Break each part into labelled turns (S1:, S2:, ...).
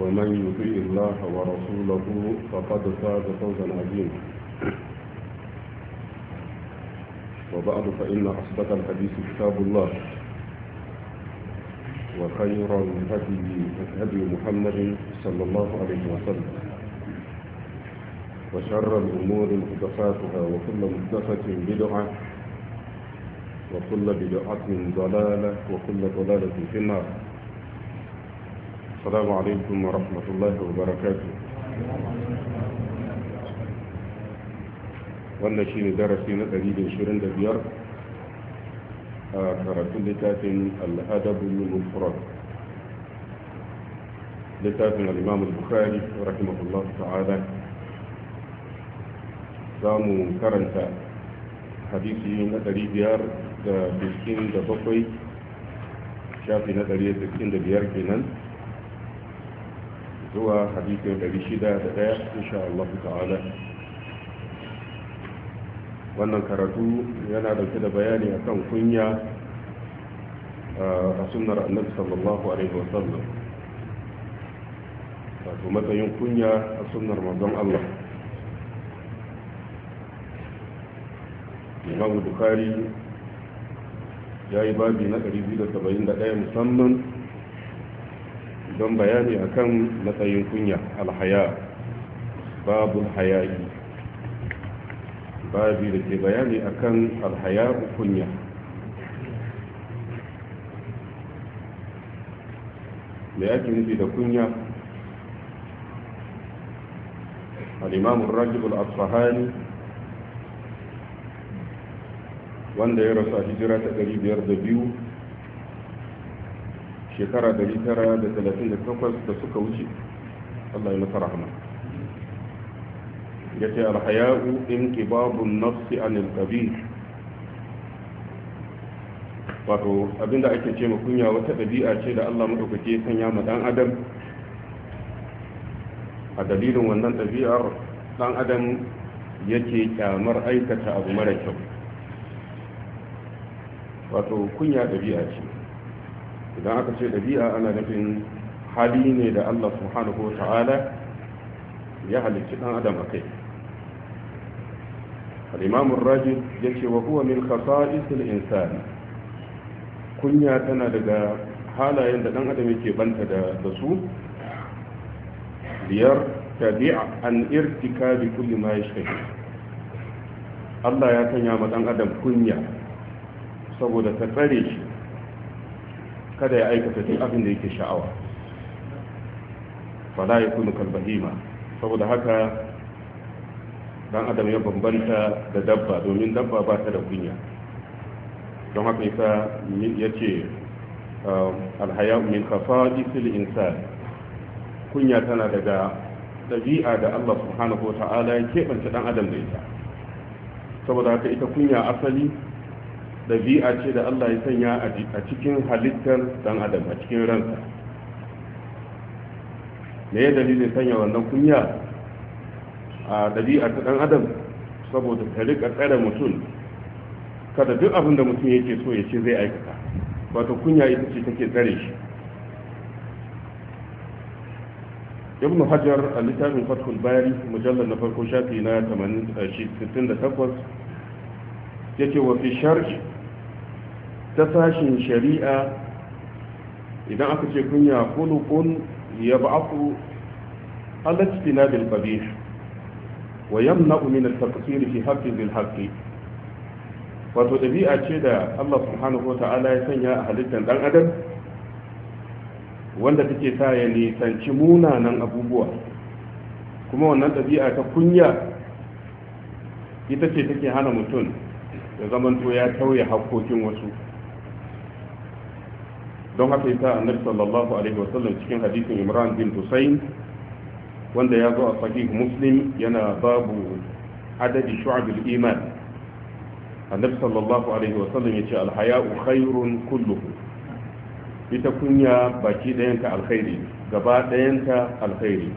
S1: ومن يطيع الله ورسوله فقد فاز فوزا عظيما وبعد فإن أصدق الحديث كتاب الله وخير الهدي هدي محمد صلى الله عليه وسلم وشر الأمور محدثاتها وكل محدثة بدعة وكل بدعة ضلالة وكل ضلالة في النار السلام عليكم ورحمة الله وبركاته wannan shi ne darasi na 125 a karatun littafin al'adabul mufrad littafin al'imam al-bukhari rahimahullah ta'ala za mu karanta hadisi na 567 shafi na 565 kenan zuwa hadisin 601 insha Allah ta'ala wannan karatu yana dauke da bayani akan kunya a sunnar annabi sallallahu alaihi wasallam wato matsayin kunya a sunnar manzon Allah Imam Bukhari ya yi babi na 271 musamman don bayani akan matsayin kunya alhaya babu hayayi babi da ke bayani akan alhaya kunya da yake nufi da kunya الإمام الرجب الأصفهاني وان ده يرسى هجرة قريب يرد بيو shekara 938 da suka wuce Allah ya masa rahama ya ce alhaya'u in kibabun nafsi anil qabil
S2: wato abinda ake ce kunya wata ɗabi'a ce da Allah maɗaukake sanya ma ɗan adam a dalilin wannan ɗabi'ar ɗan adam yake kyamar aikata abu mara kyau wato kunya ɗabi'a ce idan aka ce ɗabi'a ana nufin hali ne da Allah subhanahu wa ta'ala ya halicci ɗan adam a kai al'imamun rajin ya ce wa huwa min khasa'isul insani kunya tana daga halayen da ɗan adam yake banta da su biyar tabi'a an irtika bi kulli ma yashtahi Allah ya sanya ma ɗan adam kunya saboda ta tsare shi kada ya aikata duk abin da yake sha'awa fala ya kunu kalbahima saboda haka dan adam ya bambanta da dabba domin dabba ba ta da kunya don haka isa ya ce um, alhaya min kafa'isil insan kunya tana daga ɗabi'a da Allah subhanahu wa ta'ala ya keɓance dan adam da ita saboda haka ita kunya asali ɗabi'a ce da Allah ya sanya a cikin halittar ɗan adam a cikin ransa me ya dalilin sanya wannan kunya a ɗabi'a ta ɗan adam saboda ta rika tsare mutum kada duk abin da mutum yake so ya ce zai aikata wato kunya ita ce take tsare shi ibn hajar a littafin fathul bari mujallar na farko shafi na 68 eh, yake wa fi sharhi ta sashen shari'a idan aka ce kunya kulukun ya ba'aku na bil qabih wa yamna min at fi haqqi bil haqqi wato ɗabi'a ce da Allah subhanahu wata'ala ya sanya a halittar ɗan adam wanda take sa ya nisanci munanan abubuwa kuma wannan ɗabi'a ta kunya ita ce take hana mutum ya zamanto ya tauye hakkokin wasu don haka ta annabi sallallahu alaihi wasallam cikin hadisin imran bin husayn wanda ya zo a sahih muslim yana babu adadi shu'abil iman annabi sallallahu alaihi wasallam yace alhaya'u khairun kulluhu ita kunya baki ka alkhairi gaba ka alkhairi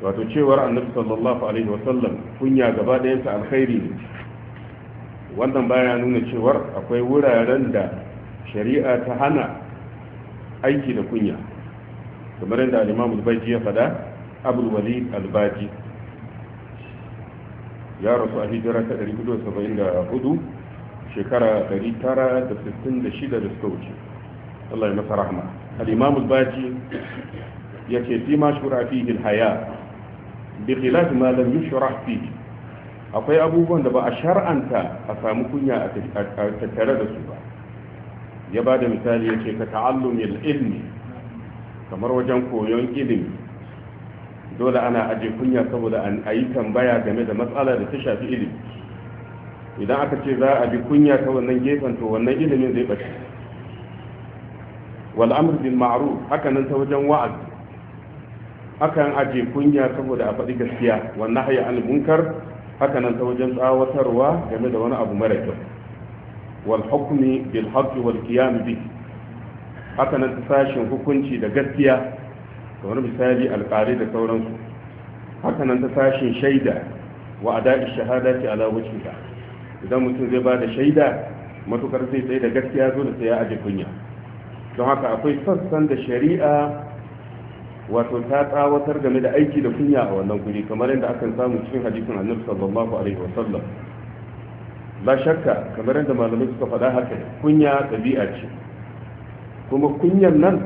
S2: wato cewar annabi sallallahu alaihi wasallam kunya gaba ka alkhairi wannan baya nuna cewar akwai wuraren da shari'a ta hana aiki da kunya kamar yadda al-imam al-baji ya fada Abulwali walid al-baji ya rasu a hijira ta 474 shekara 966 da suka wuce Allah ya masa rahma al-imam al-baji yake fi ma shura fi al-haya bi khilaf ma lam yushrah fi akwai abubuwan da ba a shar'anta a samu kunya a tattare da su ba ya ba da misali ya ce ka ya ilmi kamar wajen koyon ilimi dole ana aje kunya saboda an ayi tambaya game da matsala da ta shafi ilimi idan aka ce za a bi kunya ta wannan gefen to wannan ilimin zai bace wal amr bil ma'ruf haka nan ta wajen wa'azi akan aje kunya saboda a faɗi gaskiya wannan hayya al munkar haka nan ta wajen tsawatarwa game da wani abu mara kyau والحكم بالحق والقيام به haka nan sashin hukunci da gaskiya kamar misali alƙari da sauransu haka nan ta sashin shaida wa ada'i shahada ce ala wajhiha idan mutum zai ba da shaida matukar zai tsaye da gaskiya zo da sai ya aje kunya don haka akwai sassan da shari'a wato ta tsawatar game da aiki da kunya a wannan guri kamar yadda akan samu cikin hadisin annabi sallallahu alaihi wasallam la shakka kamar yadda malamai suka faɗa haka kunya ɗabi'a ce kuma kunyan nan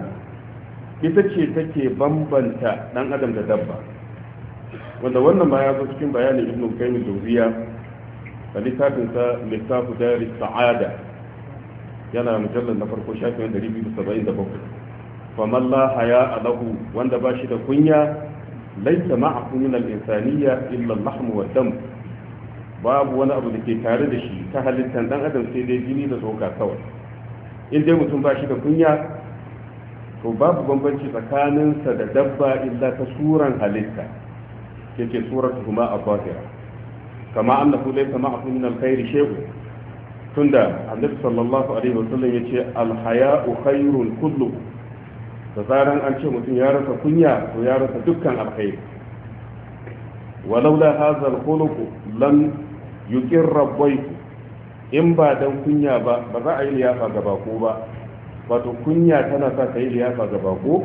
S2: ita ce take bambanta ɗan adam da dabba wanda wannan ma ya zo cikin bayanin ibn qayyim jawziya a littafin sa littafu dari sa'ada yana mujallar na farko shafin 277 faman la haya alahu wanda ba shi da kunya laisa ma'ahu kunyar al-insaniyya illa al-lahmu wa dam babu wani abu da ke tare da shi ta halittar dan adam sai dai jini da tsoka kawai in dai mutum ba shi da kunya to babu bambanci tsakaninsa da dabba illa ta suran halitta ke ce suratu kuma a zahira kama annahu laysa ma'ahu min alkhairi shay'u tunda annabi sallallahu alaihi ya yace alhaya'u khairun kullu da zaran an ce mutum ya rasa kunya to ya rasa dukkan alkhairi ولولا هذا الخلق لم yukin rabbai in ba dan kunya ba ba za a yi liyafa ga bako ba wato kunya tana sa ka yi liyafa ga bako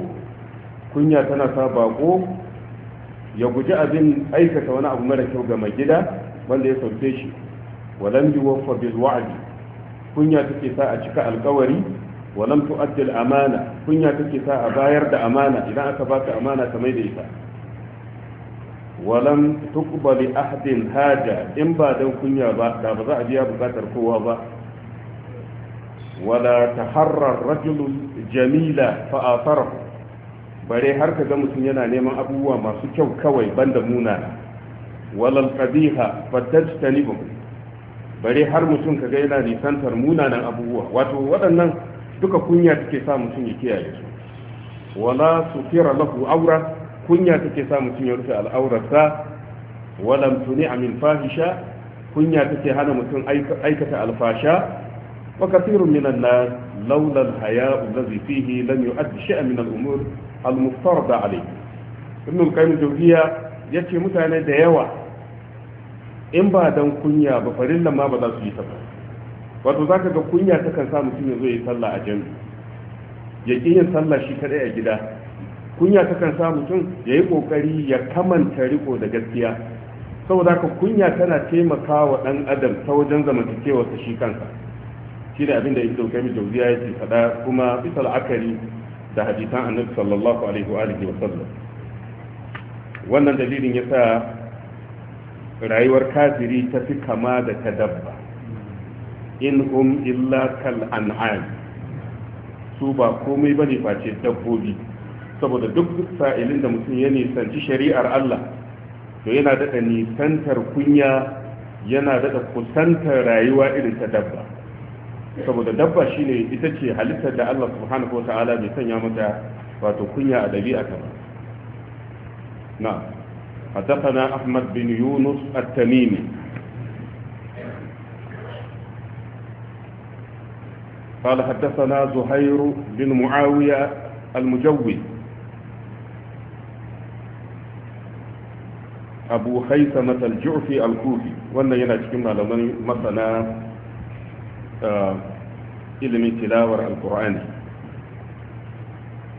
S2: kunya tana sa bako ya guji abin aikata wani abu mara kyau ga mai gida wanda ya sauke shi walam wafa bil wa'di kunya take sa a cika alkawari walam tu'addil amana kunya take sa a bayar da amana idan aka baka amana ta mai da ita walam tuqbali ahadin haja in ba dan kunya ba da ba za a biya bukatar kowa ba wala taharrar rajulun jamila fa athara bare har ka ga mutum yana neman abubuwa masu kyau kawai banda munana walal qabiha fatajtanibum bare har mutum kaga yana nisantar munanan abubuwa wato waɗannan duka kunya take sa mutum ya kiyaye su wala sufira lahu aura kunya take sa mutum ya rufe al'aurarsa walam tuni amin fahisha kunya take hana mutum aikata alfasha wa kathirun minan nas laula al-haya'u allazi fihi lam yu'addi shay'an min al-umur al-muftarada alayhi ibn al-qayyim jawziya yace mutane da yawa in ba dan kunya ba farillan ma ba za su yi ta ba wato zaka ga kunya takan sa mutum ya zo yi sallah a jami'i ya yin sallah shi kadai a gida kunya takan sa mutum ya yi ƙoƙari ya kamanta riko da gaskiya saboda haka kunya tana taimaka wa ɗan adam ta wajen zamantakewarsa shi kansa shi da abin da ibn qayyim jawziya yake faɗa kuma bisa la'akari da hadisan annabi sallallahu alaihi wa alihi wa sallam wannan dalilin yasa rayuwar kafiri ta fi kama da ta dabba in hum illa kal an'am su ba komai bane face dabbobi saboda duk sa'ilin da mutum ya nisanci shari'ar Allah to yana daɗa nisantar kunya yana daɗa kusantar rayuwa irin ta dabba saboda dabba shine ita ce halittar da Allah subhanahu wa ta'ala mai sanya mata wato kunya a dabi'a ta ba na حدثنا أحمد بن يونس التميمي قال حدثنا زهير بن معاوية المجوي abu haisa matal jufi al-kufi wannan yana cikin malaman masana ilimin tilawar al-qur'ani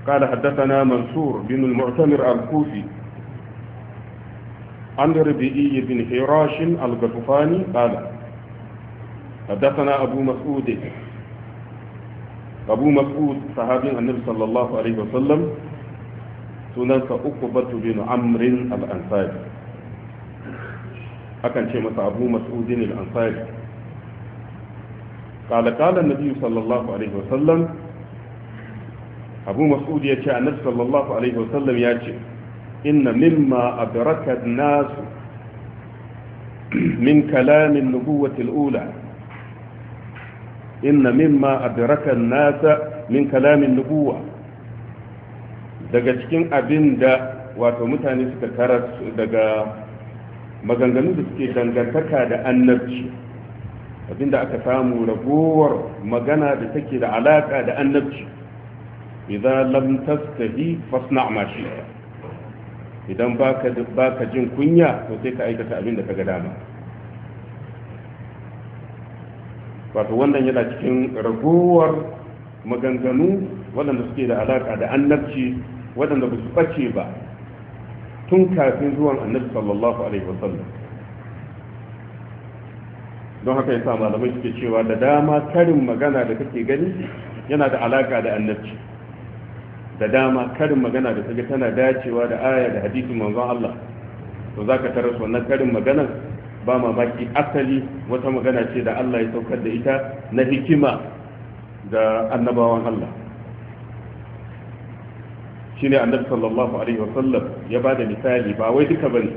S2: قال حدثنا منصور بن المعتمر الكوفي عن ربيعي بن حراش الغطفاني قال حدثنا أبو مسعود أبو مسعود صحابي النبي صلى الله عليه وسلم سنن عقبة بن عمرو الأنصاري akan ce masa abu mas'udin al-ansari قال قال النبي صلى الله عليه وسلم أبو مسعود يتشى النبي صلى الله عليه وسلم يتشى إن مما أدرك الناس من كلام النبوة الأولى إن مما أدرك الناس من كلام النبوة daga cikin abin da wato mutane suka karar daga maganganu da suke dangantaka da annabci abinda aka samu ragowar magana da take da alaka da annabci idan lam tastahi fasna ma shi? idan baka baka jin kunya to sai ka aikata abin da kaga dama wato wannan yana cikin ragowar maganganu waɗanda suke da alaka da annabci waɗanda ba su ɓace ba tun kafin zuwan annabi sallallahu alaihi wasallam don haka yasa malamai suke cewa da dama karin magana da kake gani yana da alaka da annabci da dama karin magana da kake tana dacewa da aya da hadisin manzon Allah to zaka tarar wannan karin magana ba mamaki asali wata magana ce da Allah ya saukar da ita na hikima da annabawan Allah shine annabi sallallahu alaihi wasallam ya ba da misali ba wai duka bane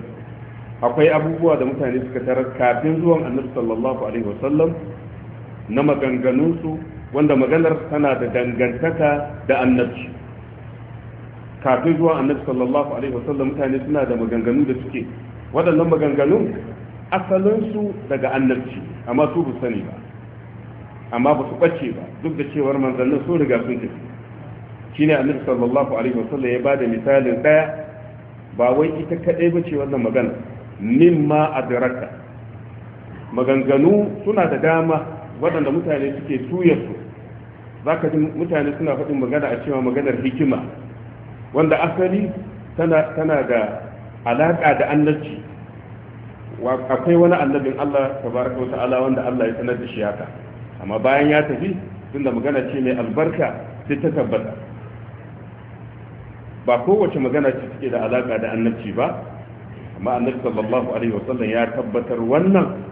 S2: akwai abubuwa da mutane suka tarar kafin zuwan annabi sallallahu alaihi wasallam na maganganunsu wanda maganar tana da dangantaka da annabci kafin zuwan annabi sallallahu alaihi wasallam mutane suna da maganganu da suke waɗannan maganganun asalinsu daga annabci amma su bu sani ba amma ba su ɓace ba duk da cewar manzannin sun riga sun tafi shine annabi sallallahu alaihi wasallam ya bada misalin daya ba wai ita kadai bace wannan magana mimma adraka maganganu suna da dama waɗanda mutane suke suyarsu za ka ji mutane suna faɗin magana a cewa maganar hikima wanda asali tana da alaƙa da annabci akwai wani annabin Allah tabaraka wa ta'ala wanda Allah ya sanar da shi haka amma bayan ya tafi tunda magana ce mai albarka sai ta tabbata ba kowace magana ce take da alaka da annabci ba amma annabi sallallahu alaihi wasallam ya tabbatar wannan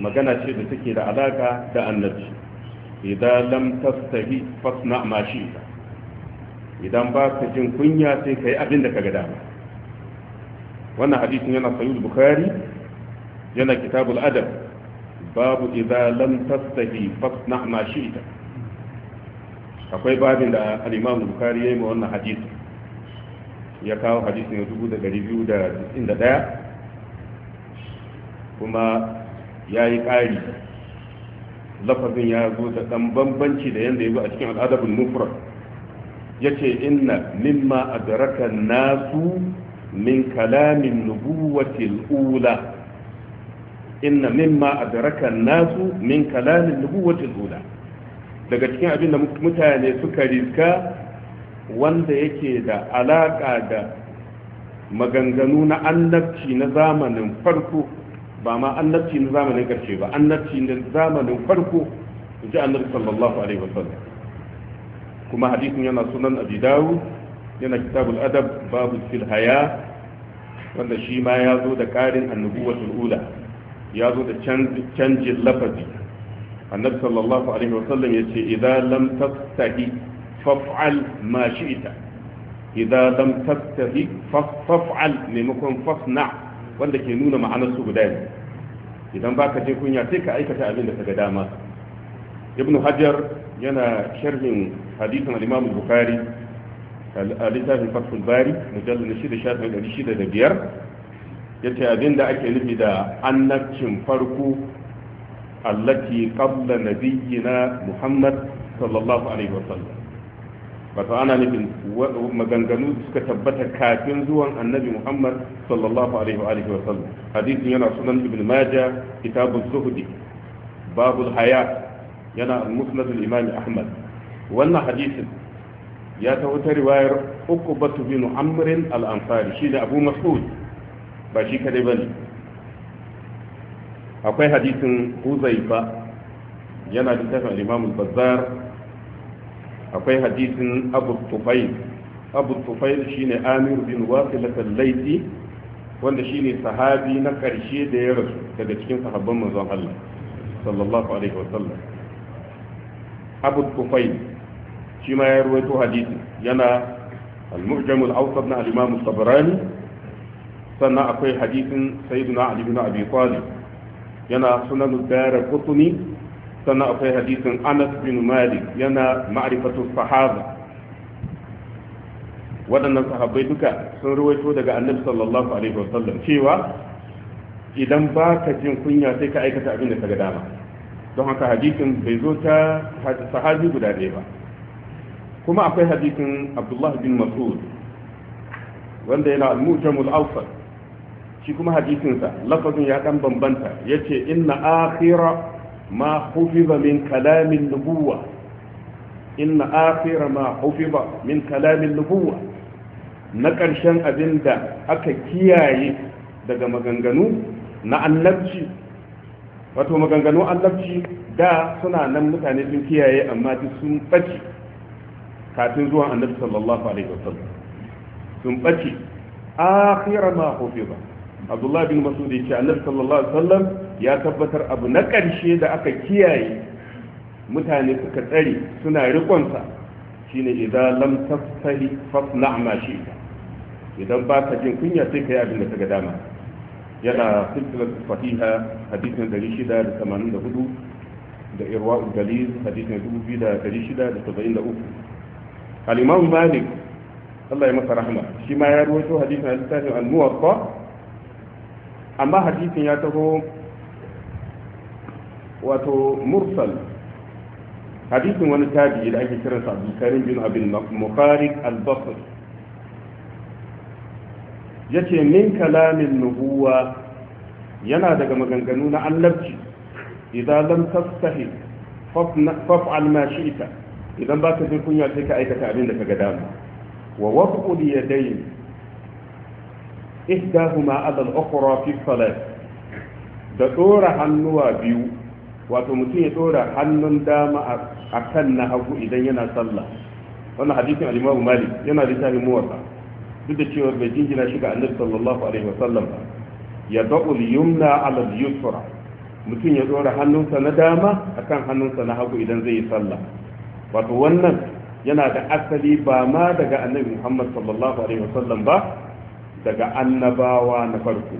S2: magana ce da take da alaka da annabci idan lam tastahi fasna ma shi'ta idan ba ka jin kunya sai ka yi abin da ka ga dama wannan hadisin yana sayyid bukhari yana kitabul adab babu idza lam tastahi fasna ma shi'ta akwai babin da al-imam bukhari yayi wannan hadisin. ya kawo hadisi na 2291 kuma ya yi ƙari lafazin ya zo da ɗan bambanci da yadda ya zo a cikin al'adabin mufrad ya ce inna mimma adraka nasu min kalamin nubuwatil ula inna mimma adraka nasu min kalamin nubuwatil ula daga cikin abin da mutane suka riska wanda yake da alaƙa da maganganu na annabci na zamanin farko ba ma annabci na zamanin ƙarshe ba annabci na zamanin farko in ji annabi sallallahu alaihi wasallam kuma hadisin yana sunan abi dawud yana kitabul adab babu fil haya wanda shi ma ya zo da ƙarin annubuwatul ula ya zo da canjin lafazi annabi sallallahu alaihi wasallam ya ce idan lam tastahi faf'al ma shi'ita idan na tastahi faf'al maimakon fasna wanda ke nuna ma'anar su guda ne idan baka je kunya sai ka aikata abin da ga dama ibn hajar yana sharhin hadisin al-imam al-bukhari al-littafin fathul bari mujallal shida shafin 605 ya ce abin da ake nufi da annabcin farko allati qabla nabiyyina muhammad sallallahu alaihi wasallam wato ana nufin maganganu da suka tabbata kafin zuwan annabi muhammad sallallahu alaihi wa alihi wa sallam hadisin yana sunan ibn majah kitabun zuhdi babul haya yana musnad imam ahmad wannan hadisin ya ta wata riwayar uku batu bin amrin al-ansari shi da abu mas'ud ba shi kadai bane akwai hadisin huzaifa yana littafin al-imam al-bazzar akwai hadisin abu tufail abu tufail shine amir bin wasilat al-laiti wanda shine sahabi na karshe da ya rasu daga cikin sahabban manzon Allah sallallahu alaihi wasallam abu tufail shi ma ya ruwaito hadisi yana al-mu'jam al-awsat na al-imam tabarani sannan akwai hadisin sayyidina ali bin abi talib yana sunan ad-darqutni sannan akwai hadisin anas bin malik yana ma'rifatu sahaba waɗannan sahabbai duka sun ruwaito daga annabi sallallahu alaihi wasallam cewa idan ba ka jin kunya sai ka aikata abin da ka ga dama don haka hadisin bai zo ta sahabi guda ɗaya ba kuma akwai hadisin abdullah bin mas'ud wanda yana al-mujamul awsat shi kuma hadisinsa lafazin ya dan bambanta yace inna akhira ma hufiba min kalamin nubuwa inna akhira ma hufiba min kalamin na ƙarshen abinda aka kiyaye daga maganganu na annabci wato maganganu annabci da suna nan mutane sun kiyaye amma sun ɓace kafin zuwan annabi sallallahu alaihi wasallam sun ɓace akhira ma hufiba abdullahi bin masudi ce annabi sallallahu alaihi wasallam ya tabbatar abu na ƙarshe da aka kiyaye mutane suka tsare suna rikonsa shine idan lam tafsali fasna ma shi idan ba ka jin kunya sai ka yi abin da ta ga dama yana silsilar sahiha hadisin 684 da irwa da hadisin 2673 uku. imam malik Allah ya masa rahma shi ma ya ruwaito hadisin al-sahih al-muwatta amma hadisin ya taho wato mursal hadisin wani tabi'i da ake kiransa abdulkarim bin abin mufarik al-basri yace min kalamin nubuwa yana daga maganganu na annabci idan lam tastahi faf'al ma shi'ta idan baka jin kunya sai ka aikata abin da kaga dama wa wafqu yadayn ihdahuma ala al-ukhra fi salat da dora hannuwa biyu wato mutum ya dora hannun dama a kan na hagu idan yana sallah wannan hadisin al Malik yana da tafi duk da cewa bai jingina shi ga Annabi sallallahu alaihi sallam ba ya da'u yumna ala al-yusra mutum ya dora hannunsa na dama akan hannunsa na hagu idan zai yi sallah wato wannan yana da asali ba ma daga annabi muhammad sallallahu alaihi sallam ba daga annabawa na farko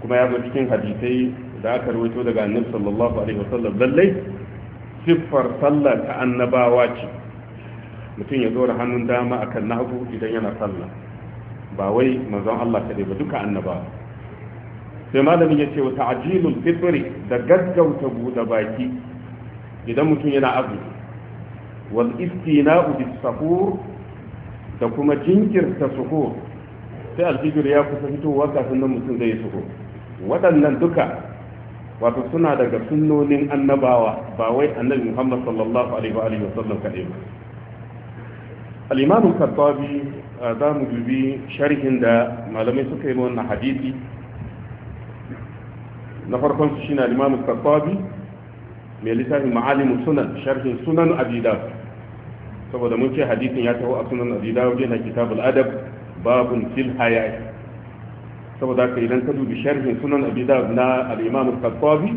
S2: kuma ya zo cikin hadisai da aka rawaito daga annabi sallallahu alaihi wasallam lallai siffar sallah ta annabawa ce mutum ya dora hannun dama akan nagu idan yana sallah ba wai manzon Allah kadai ba duka annabawa sai malamin ya ce wa ta'jilul fitri da gaggauta buɗe baki idan mutum yana azumi wal istina'u bis sahur da kuma jinkirta suhur sai alfijir ya kusa fitowa kafin nan mutum zai suhur waɗannan duka wato suna daga sunnonin annabawa ba wai annabi Muhammad sallallahu alaihi wa alihi wa sallam kaɗai ba al-imam uh, za mu dubi sharhin da malamai suka yi wannan hadisi na farkon su shine al-imam al mai littafin ma'alim sunan sharhin sunan abi saboda mun ce hadisin ya taho a sunan abi wajen yana kitab al-adab babun fil hayat saboda ka idan ka dubi sharhin sunan abi da na al-imam al-qattabi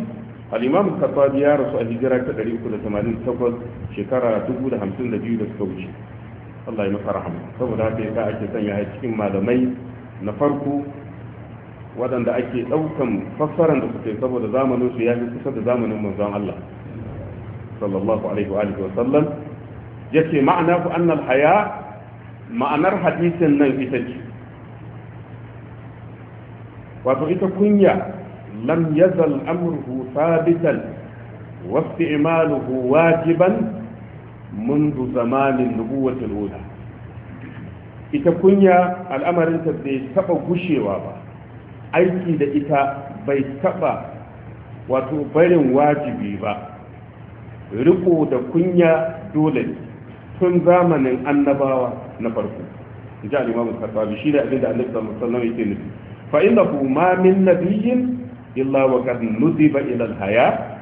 S2: al-imam al-qattabi ya rasu a hijira ta 388 shekara 1052 da suka wuce Allah ya masa rahama saboda haka yasa ake sanya a cikin malamai na farko waɗanda ake ɗaukan fassaran da suke saboda zamanin su ya fi kusa da zamanin manzon Allah sallallahu alaihi wa alihi wa sallam yace ma'ana ku annal haya ma'anar hadisin nan ita ce wato ita kunya lam yazal amruhu sabitan wasti'maluhu wajiban منذ زمان النبوة الأولى ita kunya al'amarinta bai taba gushewa ba aiki da ita bai taba wato barin wajibi ba riko da kunya dole tun zamanin annabawa na farko ji al'imamu karfabi shi da abin da annabi sallallahu alaihi wasallam yake nufi fa innahu ma min nabiyyin illa wa qad nudiba ila haya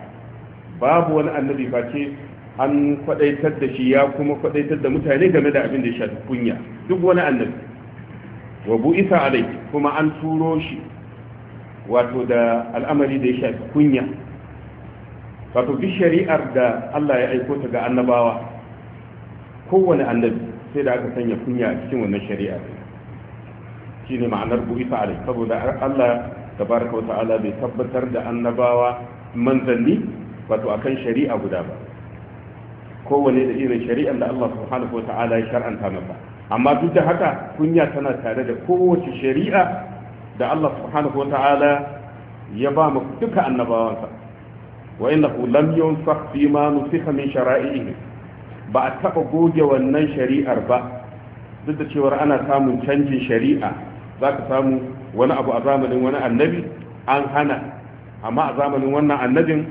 S2: babu wani annabi face an kwadaitar da shi ya kuma kwadaitar da mutane game da abin da ya shafi kunya duk wani annabi wa kuma an turo shi wato da al'amari da ya kunya wato duk shari'ar da Allah ya aiko ta ga annabawa kowane annabi sai da aka sanya kunya a cikin wannan shari'ar. shine ma'anar bu'isa alai saboda Allah tabaraka wa ta'ala bai tabbatar da annabawa manzanni wato akan shari'a guda ba kowane da irin shari'ar da Allah subhanahu wa ta'ala ya shar'anta masa amma duk da haka kunya tana tare da kowace shari'a da Allah subhanahu wa ta'ala ya ba mu duka annabawansa wa innahu lam yunsakh fi ma nusikha min shara'ihi ba a taba goge wannan shari'ar ba duk da cewar ana samun canjin shari'a za ka samu wani abu a zamanin wani annabi an hana amma a zamanin wannan annabin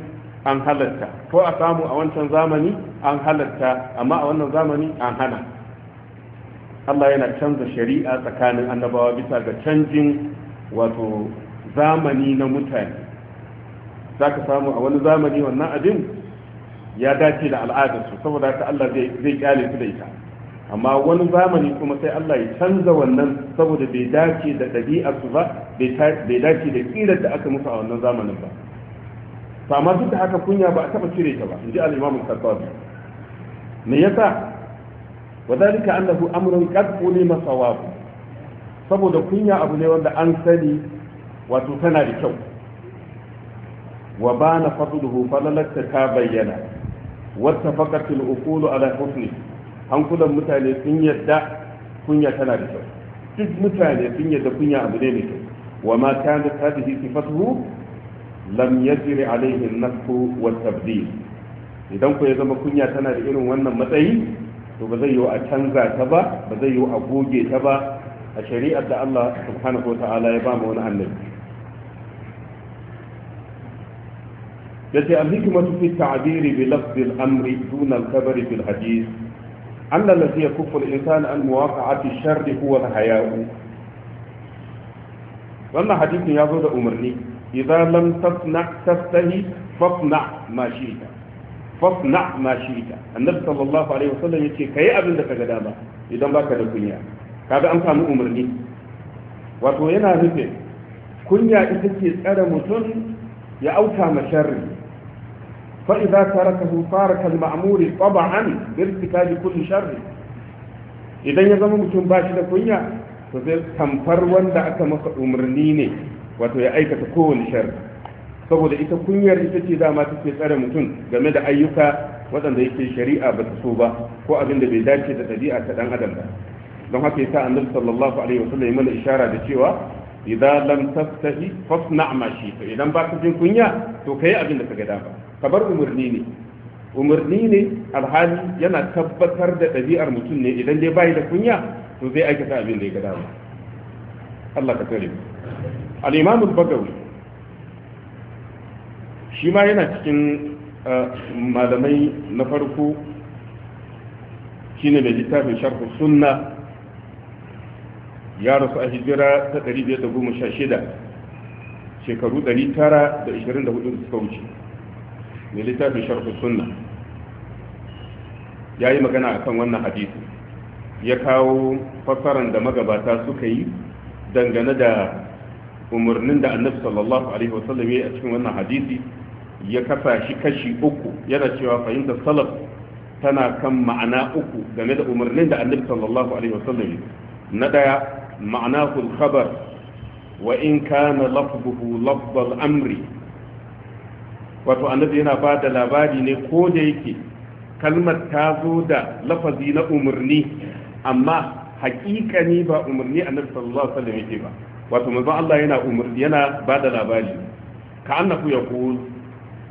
S2: an halatta ko a samu a wancan zamani an halatta amma a wannan zamani an hana Allah yana canza shari'a tsakanin annabawa bisa ga canjin wato zamani na mutane za ka samu a wani zamani wannan abin ya dace da al'adarsu saboda ta Allah zai kyale su da ita amma wani zamani kuma sai Allah ya canza wannan saboda bai dace da ɗabi'arsu ba bai dace da ƙirar da aka musu a wannan zamanin ba to amma duk da haka kunya ba a taɓa cire ta ba in ji al-imam al-khattabi me yasa wadalika annahu amrun qad ulima sawabu saboda kunya abu ne wanda an sani wato tana da kyau wa bana fadluhu falalaka ta bayyana wattafaqat al-uqulu ala husni hankulan mutane sun yadda kunya tana da kyau duk mutane sun yadda kunya abu ne mai kyau wa ma kana hadhihi sifatuhu lam yajri alayhi an-nasu wa tabdil idan ku ya zama kunya tana da irin wannan matsayi to ba zai yiwu a canza ta ba ba zai yiwu a goge ta ba a shari'ar da Allah subhanahu ya ba mu wani annabi yace al-hikmatu fi ta'biri bi lafzi al-amri dun al-khabari fil hadith أن الذي يكف الإنسان عن مواقعة الشر هو الحياء wannan hadisin ya zo da umarni idan lam tasna tastahi fasna ma shi'ta fasna ma shi'ta annabi sallallahu alaihi wasallam yace kai abin da kaga dama idan baka da kunya kaga an samu umarni wato yana nufin kunya ita ce tsare mutum ya auta ma sharri فإذا تركه فارك المأمور طبعا بارتكاب كل ya zama mutum ba shi da kunya to zai tamfar wanda aka masa umarni ne wato ya aikata kowane shar saboda ita kunyar ita ce dama take tsare mutum game da ayyuka waɗanda yake shari'a ba ta so ba ko abin da bai dace da ɗabi'a ta ɗan adam ba don haka yasa annabi sallallahu alaihi wasallam ya mana ishara da cewa idan lam tastahi fasna ma shi idan ba ka jin kunya to kai abin da ka ga ba. kamar umarni ne umarni ne alhali yana tabbatar da ɗabi'ar mutum ne idan dai bayi da kunya to zai aikata abin da ya ga dama Allah ka tare al imamul bagawi shi ma yana cikin eh, malamai na farko shine mai littafin sharh sunna ya rasu a hijira ta 516 shekaru 924 da suka wuce mai littafin sharhu sunna ya yi magana akan wannan hadisi ya kawo fassaran da magabata suka yi dangane da umarnin da annabi sallallahu alaihi wasallam ya yi a cikin wannan hadisi ya kasa shi kashi uku yana cewa fahimta salaf tana kan ma'ana uku game da umarnin da annabi sallallahu alaihi wasallam na daya ma'ana khabar wa in kana lafzuhu lafzal amri wato annabi yana ba da labari ne ko da yake kalmar ta zo da lafazi na umarni amma hakikani ba umarni annabi sallallahu alaihi wasallam yake ba wato manzo Allah yana umarni yana ba da labari ka annahu yaqul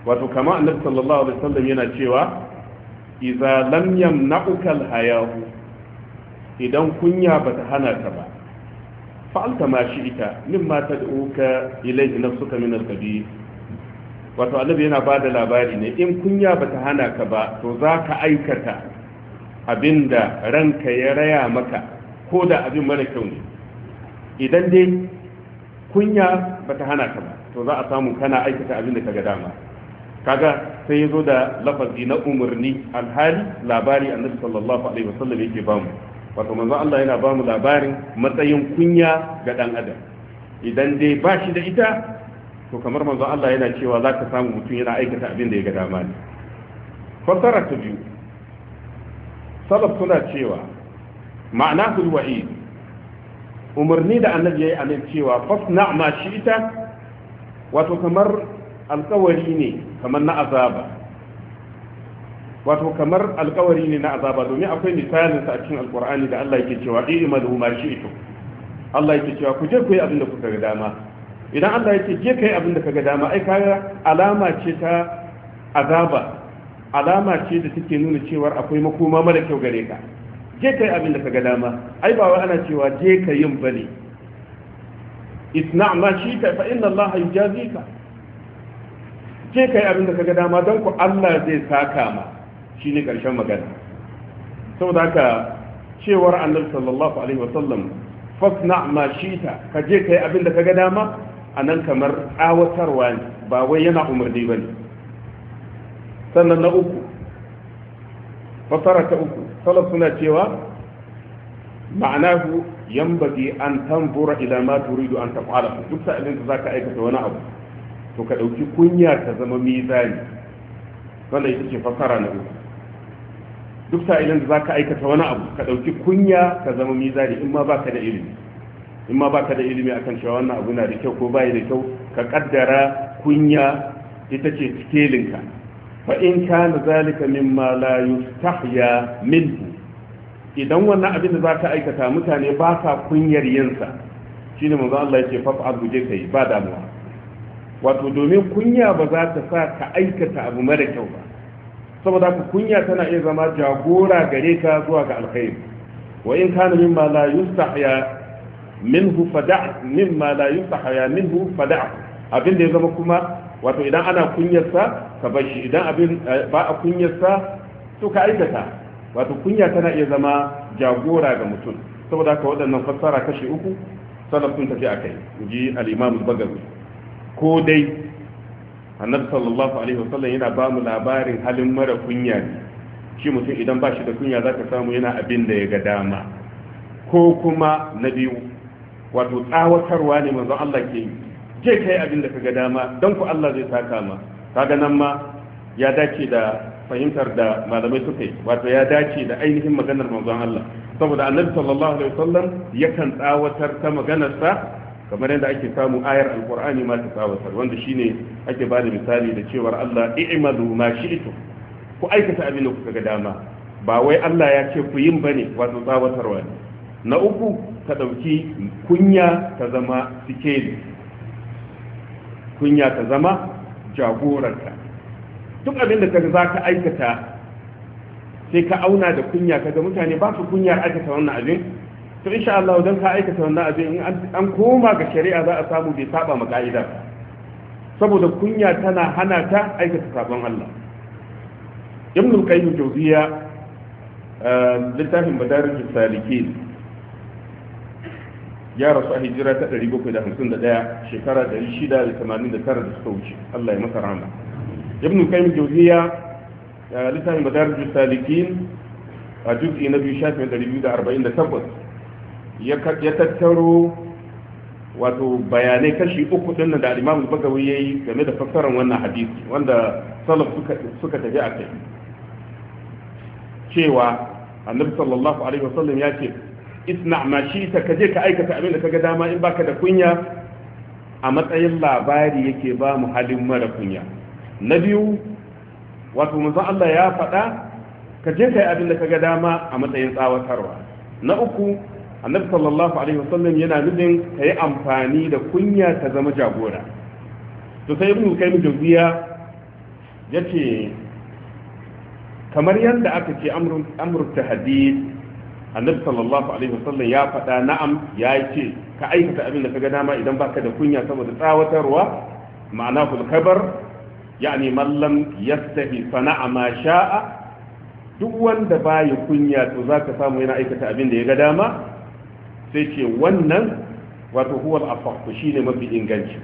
S2: wato kama annabi sallallahu alaihi wasallam yana cewa idza lam yamna'uka al-hayahu idan kunya bata hana ka ba fa'alta ma shi'ita mimma tad'uka ilayhi nafsuka min al-kabir wato annabi yana ba da labari ne in kunya ba ta hana ka ba to za ka aikata abin da ranka ya raya maka ko da abin mara kyau ne idan dai kunya ba ta hana ka ba to za a samu kana aikata abin da ka ga dama kaga sai ya zo da lafazi na umarni alhali labari annabi sallallahu alaihi wasallam yake bamu wato manzo Allah yana bamu labarin matsayin kunya ga dan adam idan dai ba shi da ita to kamar manzon Allah yana cewa za ka samu mutum yana aikata abin da ya ga dama ne fassara ta biyu salaf suna cewa ma'ana kul wa'id umarni da annabi yi anan cewa fasna ma shi'ita wato kamar alkawari ne kamar na azaba wato kamar alkawari ne na azaba domin akwai misalin sa a cikin alkur'ani da Allah yake cewa i'malu ma shi'tum Allah yake cewa ku je ku yi abin da kuka ga dama idan Allah ya ce je yi abin da ga dama ai kaga alama ce ta azaba alama ce da take nuna cewar akwai makoma mara kyau gare ka je ka yi abin da ga dama ai ba wai ana cewa je ka yin bane isna ma shi ka fa inna Allah yujazika je ka yi abin da ga dama don ku Allah zai saka ma shine karshen magana saboda haka cewar annabi sallallahu alaihi wasallam fasna ma shita ka je ka yi abin da ga dama a nan kamar awatarwa ne ba wai yana umarni ba ne sannan na uku fasara ta uku salaf suna cewa ma'anahu yambagi an tambura ila ma turidu an tafala duk sa'ilin da ka aikata wani abu to ka dauki kunya ka zama mizani wannan ita ce fasara na uku duk sa'ilin da ka aikata wani abu ka dauki kunya ka zama mizani in ma baka da ilimi in ma baka da ilimi akan cewa wannan abu na da kyau ko bai da kyau ka kaddara kunya ita ce sikelinka fa in kana zalika mimma la yustahya minhu idan wannan abin da zaka aikata mutane ba sa kunyar yinsa shine manzo Allah yake fa abu je kai ba damuwa wato domin kunya ba za ta sa ka aikata abu mara kyau ba saboda ku kunya tana iya zama jagora gare ka zuwa ga alkhairi wa in kana mimma la yustahya minhu fada mimma la yusaha ya minhu fada abin da ya zama kuma wato idan ana kunyarsa ka bar shi idan abin eh, ba a kunyarsa to ka aikata wato kunya tana iya zama jagora ga mutum saboda haka waɗannan fassara kashi uku sanar sun tafi In ji al-imam ko dai annabi sallallahu alaihi wasallam yana ba mu labarin halin mara kunya ne shi mutum idan ba shi da kunya zaka samu yana abin da ya ga dama ko kuma na biyu wato tsawatarwa ne manzon Allah ke yi je kai abin da kaga dama dan ku Allah zai saka ma kaga nan ma ya dace da fahimtar da malamai suka yi wato ya dace da ainihin maganar manzon Allah saboda annabi sallallahu alaihi wasallam yakan tsawatar ta maganarsa kamar yadda ake samu ayar alqur'ani ma ta tsawatar wanda shine ake bada misali da cewar Allah i'malu ma shi'tum ku aikata abin da kuka ga dama ba wai Allah ya ce ku yin bane wato tsawatarwa ne na uku ka ɗauki kunya ta zama sikeli kunya ta zama jagorarka duk abin da za ka aikata sai ka auna da kunya ka, ga mutane ba su kunyar aikata wannan abin to insha Allah don ka aikata wannan abin in an koma ga shari'a za a samu bai saba ma ka'ida saboda kunya tana hana ta aikata sabon Allah ibn qayyim jawziya eh, littafin madarij salikin ya rasu a hijira ta 751 shekara 689 da suka wuce Allah ya masa rana ibn ya jawziya littafin madarij salikin a juz'i na biyu shafin 248 ya tattaro wato bayanai kashi uku din da al-imam ya yayi game da fassarar wannan hadisi wanda salaf suka suka tafi a kai cewa annabi sallallahu alaihi wasallam ya ce isna ma shi ta ka aikata abin da kaga dama in baka da kunya a matsayin labari yake ba mu halin mara kunya na biyu wato manzon Allah ya faɗa ka je kai abin da kaga dama a matsayin tsawatarwa na uku annabi sallallahu alaihi wasallam yana nufin ka yi amfani da kunya ta zama jagora to sai ibnu kayyim jawiya yace kamar yadda aka ce amrun amrut tahdid annabi sallallahu alaihi wasallam ya faɗa na'am ya ce ka aikata abin da kaga dama idan baka da kunya saboda tsawatarwa ma'ana kul kabar yani man lam yastahi sana'a ma sha'a duk wanda baya kunya to zaka samu yana aikata abin da ya ga dama sai ce wannan wato huwa al-afaq shine mafi inganci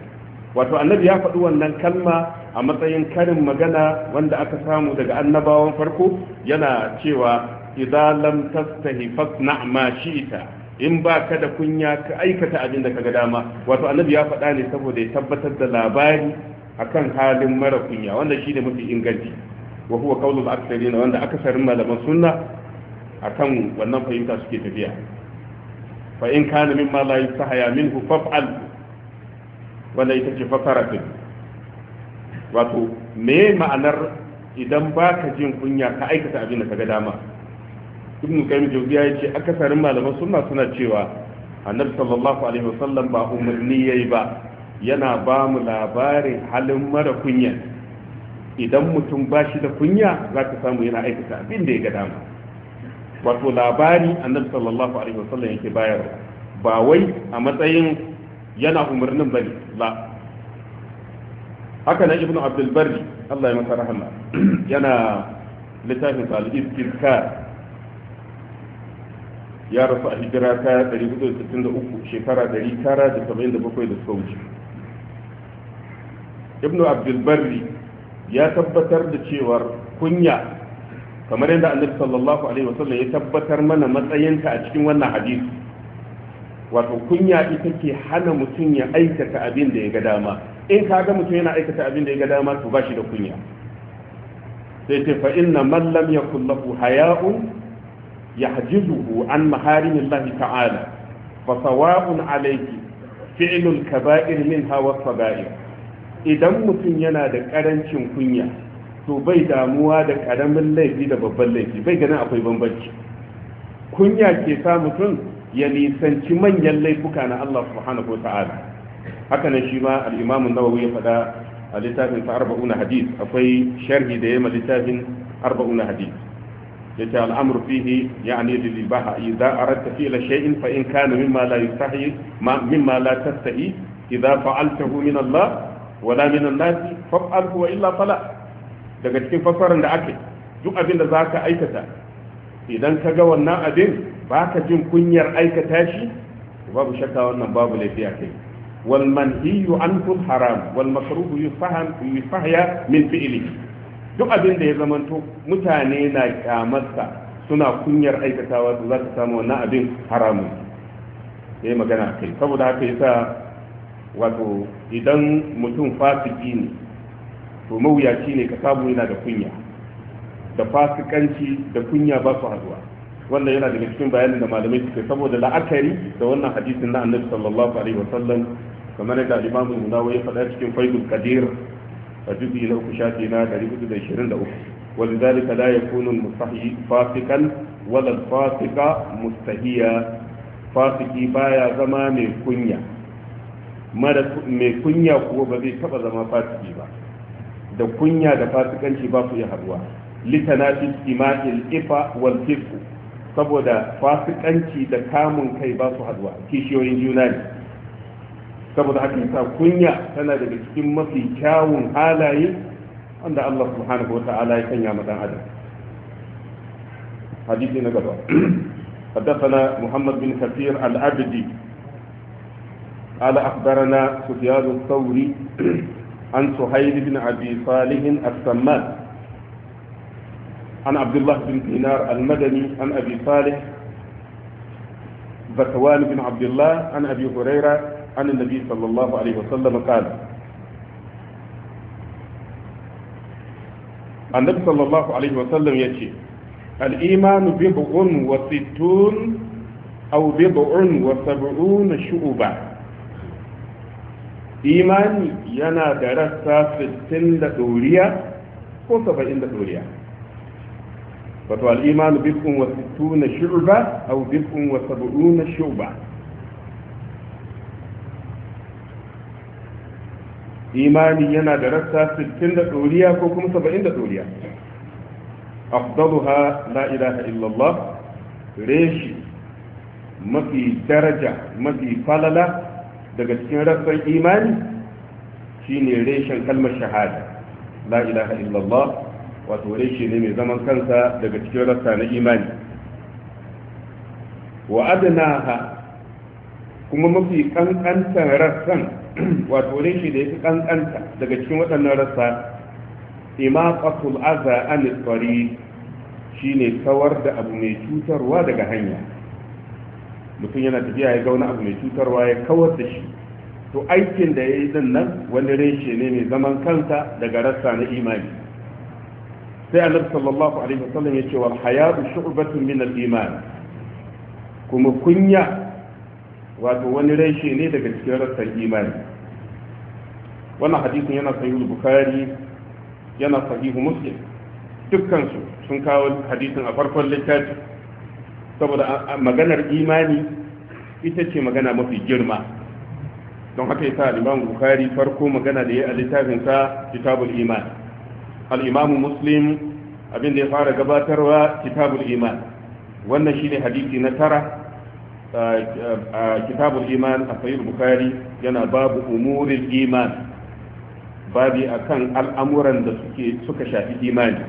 S2: wato annabi ya faɗi wannan kalma a matsayin karin magana wanda aka samu daga annabawan farko yana cewa idan lam tastahi fasna ma shi'ta in ba ka da kunya ka aikata abin da ka ga dama wato annabi ya faɗa ne saboda ya tabbatar da labari akan halin mara kunya wanda shine mafi inganci wa huwa qawlul aktharina wanda akasarin malaman sunna akan wannan fahimta suke tafiya fa in kana mimma la yastahaya minhu faf'al wala ita ce wato me ma'anar idan ba ka jin kunya ka aikata abin da ka ga dama ibn qayyim jawziya yace akasarin malaman sunna suna cewa annabi sallallahu alaihi wasallam ba umarni yayi ba yana ba mu labarin halin mara kunya idan mutum ba shi da kunya za ka samu yana aikata abin da ya ga dama wato labari annabi sallallahu alaihi wasallam yake bayar ba wai a matsayin yana umarnin bane la haka na ibnu abdul barri Allah ya masa rahama yana littafin sa al ya rasu a hijira ta 463 shekara 977 da suka wuce ibnu abdulbarri ya tabbatar da cewar kunya kamar yadda annabi sallallahu alaihi wasallam ya tabbatar mana matsayinta a cikin wannan hadisi wato kunya ita ke hana mutum ya aikata abin da ya ga dama in ka ga mutum yana aikata abin da ya ga dama to ba shi da kunya sai ce fa inna man lam yakul haya'un يحجزه عن محارم الله تعالى فسواء عليه فعل الكبائر منها والصغائر idan mutum yana da karancin kunya to bai damuwa da karamin laifi da babban laifi bai ganin akwai bambanci kunya ke sa mutum ya nisanci manyan laifuka na Allah subhanahu wata'ala haka nan shi ma al-Imam nawawi ya faɗa a littafin sa 40 hadith akwai sharhi da yayi littafin 40 hadith yace al'amru fihi ya'ni lil baha idza aradta fi'la shay'in fa in kana mimma la yastahi mimma la tastahi idza fa'altahu min Allah wala min an-nas fa'alhu wa illa fala daga cikin fasaran da ake duk abin da zaka aikata idan ka ga wannan abin baka jin kunyar aikata shi babu shakka wannan babu lafiya kai wal manhiyu anhu haram wal makruhu yufaham yufahya min fi'lihi duk abin da ya zamanto mutane na kyamarsa suna kunyar aikatawa su za samu wannan abin haramun ya yi magana kai saboda haka yasa wato idan mutum fasiki ne to mawuyaci ne ka samu yana da kunya da fasikanci da kunya ba su haduwa wannan yana daga cikin bayanin da malamai suke saboda la'akari da wannan hadisin na annabi sallallahu alaihi wasallam kamar yadda imamu nawawi ya faɗa cikin faidul qadir a juzi na uku shafi na ولذلك لا يكون المصحي فاسقا ولا الفاسق مستهيا fasiki baya zama mai kunya من هو بذي ba zai taba zama fasiki ba da kunya da fasikanci ba su yi haruwa ifa wal saboda fasikanci da kamun kai ba su haduwa kishiyoyin juna ne saboda haka yasa kunya tana daga cikin mafi kyawun halaye wanda Allah subhanahu wa ta'ala ya sanya ma dan adam hadisi na gaba حدثنا محمد بن كثير العبدي قال أخبرنا سفيان الثوري عن سهيل بن أبي صالح السمان عن عبد الله بن دينار المدني عن أبي صالح ذكوان بن عبد الله عن أبي هريرة عن النبي صلى الله عليه وسلم قال النبي صلى الله عليه وسلم يجي الإيمان بضع وستون أو بضع وسبعون شعوبا إيمان ينا درسا ستين دوريا وسبعين دوريا فتوى الإيمان بضع وستون شعبا أو بضع وسبعون شعبا imani yana da rassa 60 da doriya ko kuma 70 da doriya afdaluha la ilaha illallah reshi mafi daraja mafi falala daga cikin rassan imani shine reshen kalmar shahada la ilaha illallah wato reshe ne mai zaman kansa daga cikin rassa na imani wa adnaha kuma mafi kankantan rassan wato reshe da ya fi kankanta daga cikin waɗannan rassa imaqatul aza an tsari shine kawar da abu mai cutarwa daga hanya mutum yana tafiya ya ga wani abu mai cutarwa ya kawar da shi to aikin da ya yi din nan wani reshe ne mai zaman kansa daga rasa na imani sai annabi sallallahu alaihi wasallam ya ce wal hayatu shu'batun min al-iman kuma kunya wato wani reshe ne daga cikin rassan imani wannan hadisin yana sahihu bukari yana sahihu muslim dukkansu sun kawo hadisin a farkon littafi saboda maganar imani ita ce magana mafi girma don haka yasa al-imam bukhari farko magana da ya a littafin sa kitabul iman al-imam muslim abin da ya fara gabatarwa kitabul iman wannan shine hadisi na tara a kitabul iman a sahih bukhari yana babu umurin iman babi akan al'amuran da suke suka shafi imani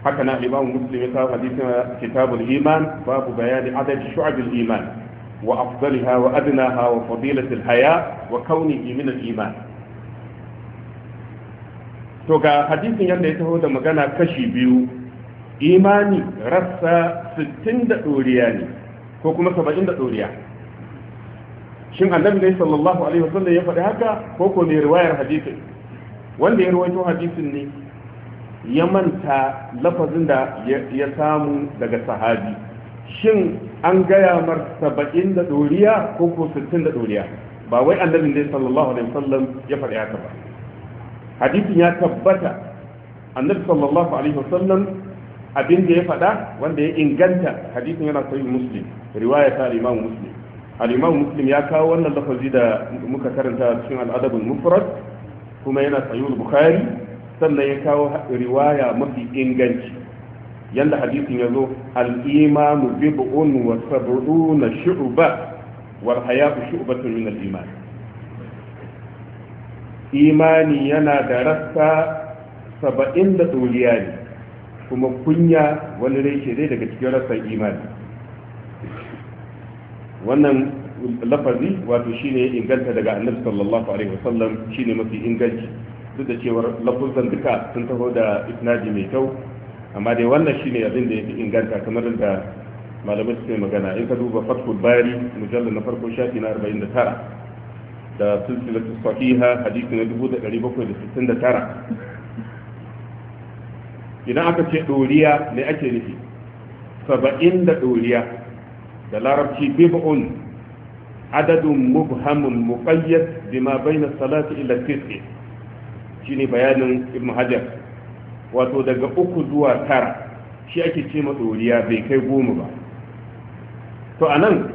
S2: haka na imamu muslim ya kawo hadisin kitabul iman babu bayani adad shu'abil iman wa afdaliha wa adnaha wa fadilatil haya wa kauni min iman to ga hadisin yadda ya taho da magana kashi biyu imani rassa 60 da ɗoriya ne ko kuma saba'in da ɗoriya shin annabi ne sallallahu alaihi wasallam ya faɗi haka ko ko ne riwayar hadisin wanda ya rawaito hadisin ne ya manta lafazin da ya samu daga sahabi shin an gaya mar saba'in da ɗoriya ko ko sittin da ɗoriya ba wai annabi ne sallallahu alaihi wasallam ya faɗi haka ba hadisin ya tabbata annabi sallallahu alaihi wasallam abin da ya faɗa wanda ya inganta hadisin yana sahih muslim riwaya ta imam muslim al-imam muslim ya kawo wannan lafazi da muka karanta cikin al-adab al-mufrad kuma yana sahih bukhari sannan ya kawo riwaya mafi inganci yanda hadisin ya zo al-imam bib'un wa sab'una shu'ba wal haya'u shu'batun min al-iman imani yana da rassa saba'in da doliya ne kuma kunya wani reshe dai daga cikin rassan imani wannan lafazi wato shine inganta daga annabi sallallahu alaihi wasallam shine mafi inganci duk da cewar lafuzan duka sun taho da isnadi mai kyau amma dai wannan shine abin da ya fi inganta kamar da malamai suke magana in ka duba fathul bari mujallar na farko shafi na 49 da silsilatu sahiha hadisi na 1769 idan aka ce ɗoriya ne ake nufi saba'in da ɗoriya da larabci bib'un adadun mubhamun muqayyad bima na salati ila tis'i shine bayanin ibnu hajar wato daga uku zuwa tara shi ake ce ma ɗoriya bai kai goma ba to anan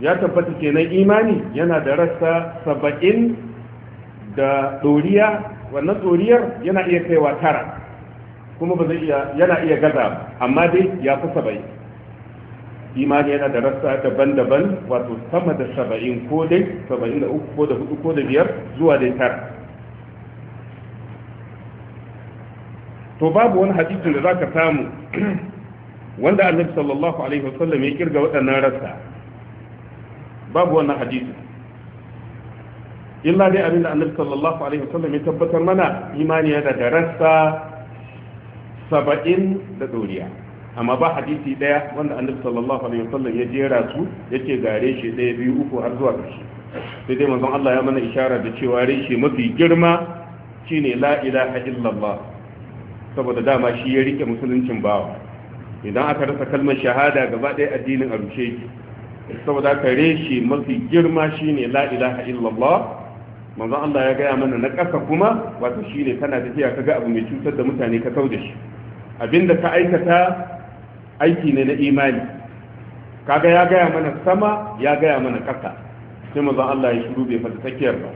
S2: ya tabbata kenan imani yana da rasa saba'in da ɗoriya wannan ɗoriyar yana iya kaiwa tara kuma ba zai iya yana iya gaza amma dai ya fi sabai. imani yana da rassa daban-daban wato sama da saba'in ko dai saba'in da uku ko da hudu ko da biyar zuwa dai tara to babu wani hadisin da zaka samu wanda annabi sallallahu alaihi wasallam ya kirga waɗannan rassa babu wannan hadisin illa dai abinda annabi sallallahu alaihi wasallam ya tabbatar mana imani yana da rassa saba'in da ɗoriya amma ba hadisi ɗaya wanda annabi sallallahu alaihi wasallam ya jera su yace ga reshe ɗaya biyu uku har zuwa ƙarshe sai dai manzon Allah ya mana ishara da cewa reshe mafi girma shine la ilaha illallah saboda dama shi ya rike musuluncin bawa idan aka rasa kalmar shahada gaba ɗaya addinin a rushe saboda aka reshe mafi girma shine la ilaha illallah manzo Allah ya gaya mana na ƙasa kuma wato shine kana tafiya ga abu mai cutar da mutane ka kau da shi abinda ka aikata aiki ne na imani kaga ya gaya mana sama ya gaya mana ƙasa sai mazan Allah ya shiru bai mata tsakiyar ba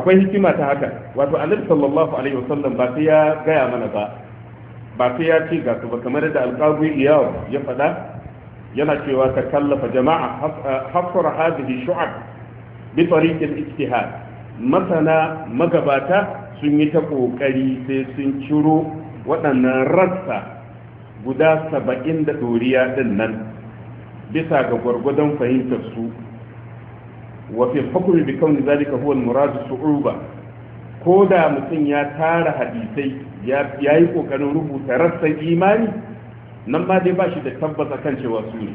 S2: akwai hikima ta haka wato annabi sallallahu alaihi wasallam ba sai ya gaya mana ba ba sai ya ce ga su ba kamar da alƙawi iyaw ya faɗa yana cewa ta kallafa jama'a eh, Hafsar hadhihi shu'ab bi tariq ijtihad masana magabata sun yi ta kokari sai sun ciro waɗannan rassa guda saba'in da ɗoriya ɗin nan bisa ga gwargwadon fahimtar su wa fi hukumi bi kauni zalika huwa muradu su'uba ko da mutum ya tara hadisai ya yi kokarin rubuta rassan imani nan ma dai ba shi da tabbata kan cewa su ne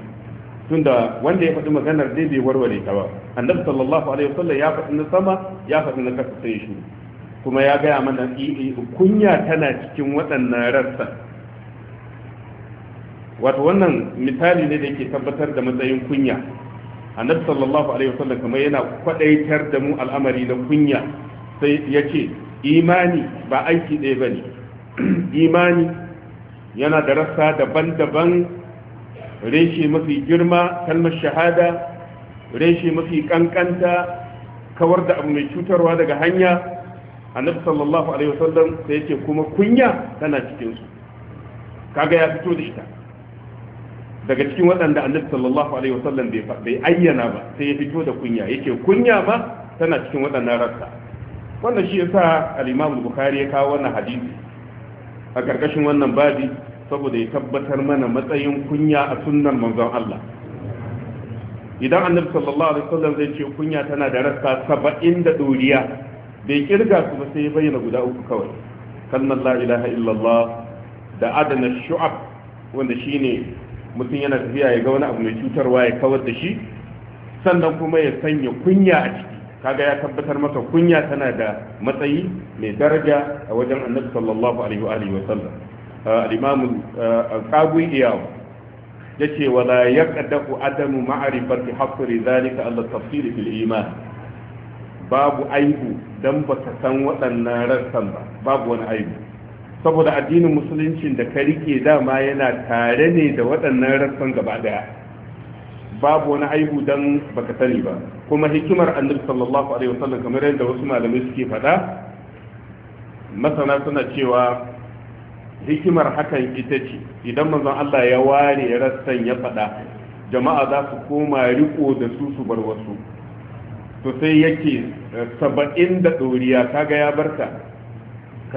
S2: tunda wanda ya faɗi maganar dai bai warware ta ba annabi sallallahu alaihi wasallam ya faɗi na sama ya faɗi na kasa sai shi kuma ya gaya mana kunya tana cikin waɗannan rassa wato wannan misali ne da ke tabbatar da matsayin kunya annabi sallallahu alaihi wasallam kamar yana kwadaitar da mu al'amari na kunya sai ya ce imani ba aiki ɗaya ba ne imani yana da rassa daban-daban reshe mafi girma kalmar shahada reshe mafi kankanta kawar da abu mai cutarwa daga hanya annabi sallallahu alaihi wasallam sai yake kuma kunya tana cikin su kaga ya fito da ita daga cikin waɗanda annabi sallallahu alaihi wasallam bai ayyana ba sai ya fito da kunya yake kunya ma tana cikin waɗannan rassa wannan shi yasa al-Imam Bukhari ya kawo wannan hadisi a karkashin wannan babi saboda ya tabbatar mana matsayin kunya a sunnar manzon Allah idan annabi sallallahu alaihi wasallam zai ce kunya tana da rassa 70 da doriya bai kirga su ba sai ya bayyana guda uku kawai kalmar la ilaha illallah da adana shu'ab wanda shine mutum yana tafiya ya ga wani abu mai cutarwa ya kawar da shi sannan kuma ya sanya kunya a ciki kaga ya tabbatar maka kunya tana da matsayi mai daraja a wajen annabi sallallahu alaihi wa alihi wa sallam uh, al-imam uh, al-qawi iyaw yace wala yaqdahu adamu ma'rifati haqqi dhalika Allah tafsir fil iman babu aibu dan baka san waɗannan rassan ba babu wani aibu saboda addinin musulunci da ka rike dama yana tare ne da waɗannan rassan gaba daya babu wani aibu dan baka sani ba kuma hikimar annabi sallallahu alaihi wasallam kamar yadda wasu malamai suke faɗa masana suna cewa hikimar hakan ita ce idan manzon Allah ya ware rassan ya faɗa jama'a za su koma riko da su su bar wasu to sai yake eh, saba'in da ɗoriya kaga ya bar ka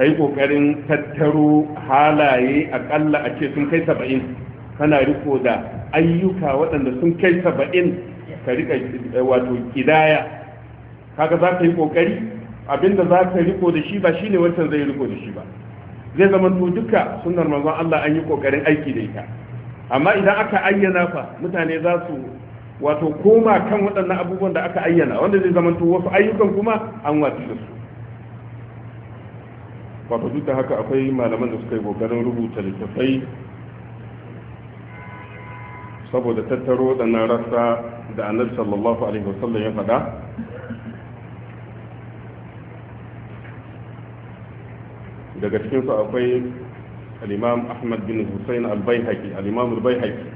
S2: yi ƙoƙarin tattaro halaye aƙalla a ce sun kai saba'in kana riko da ayyuka waɗanda sun kai saba'in ka riƙa eh, wato ƙidaya kaga za ka yi ƙoƙari abinda za ka riko da shi ba shi ne wancan zai riko da shi ba zai zama to duka sunar manzon Allah an yi ƙoƙarin aiki da ita amma idan aka ayyana fa mutane za su wato koma kan waɗannan abubuwan da aka ayyana wanda zai zamanto wasu ayyukan kuma an wace da su wato duk da haka akwai malaman da suka yi ƙoƙarin rubuta littattafai saboda tattaro da na rasa da annabi sallallahu alaihi wasallam ya faɗa daga cikinsu akwai al-imam ahmad bin husayn al bayhaqi al-imam al bayhaqi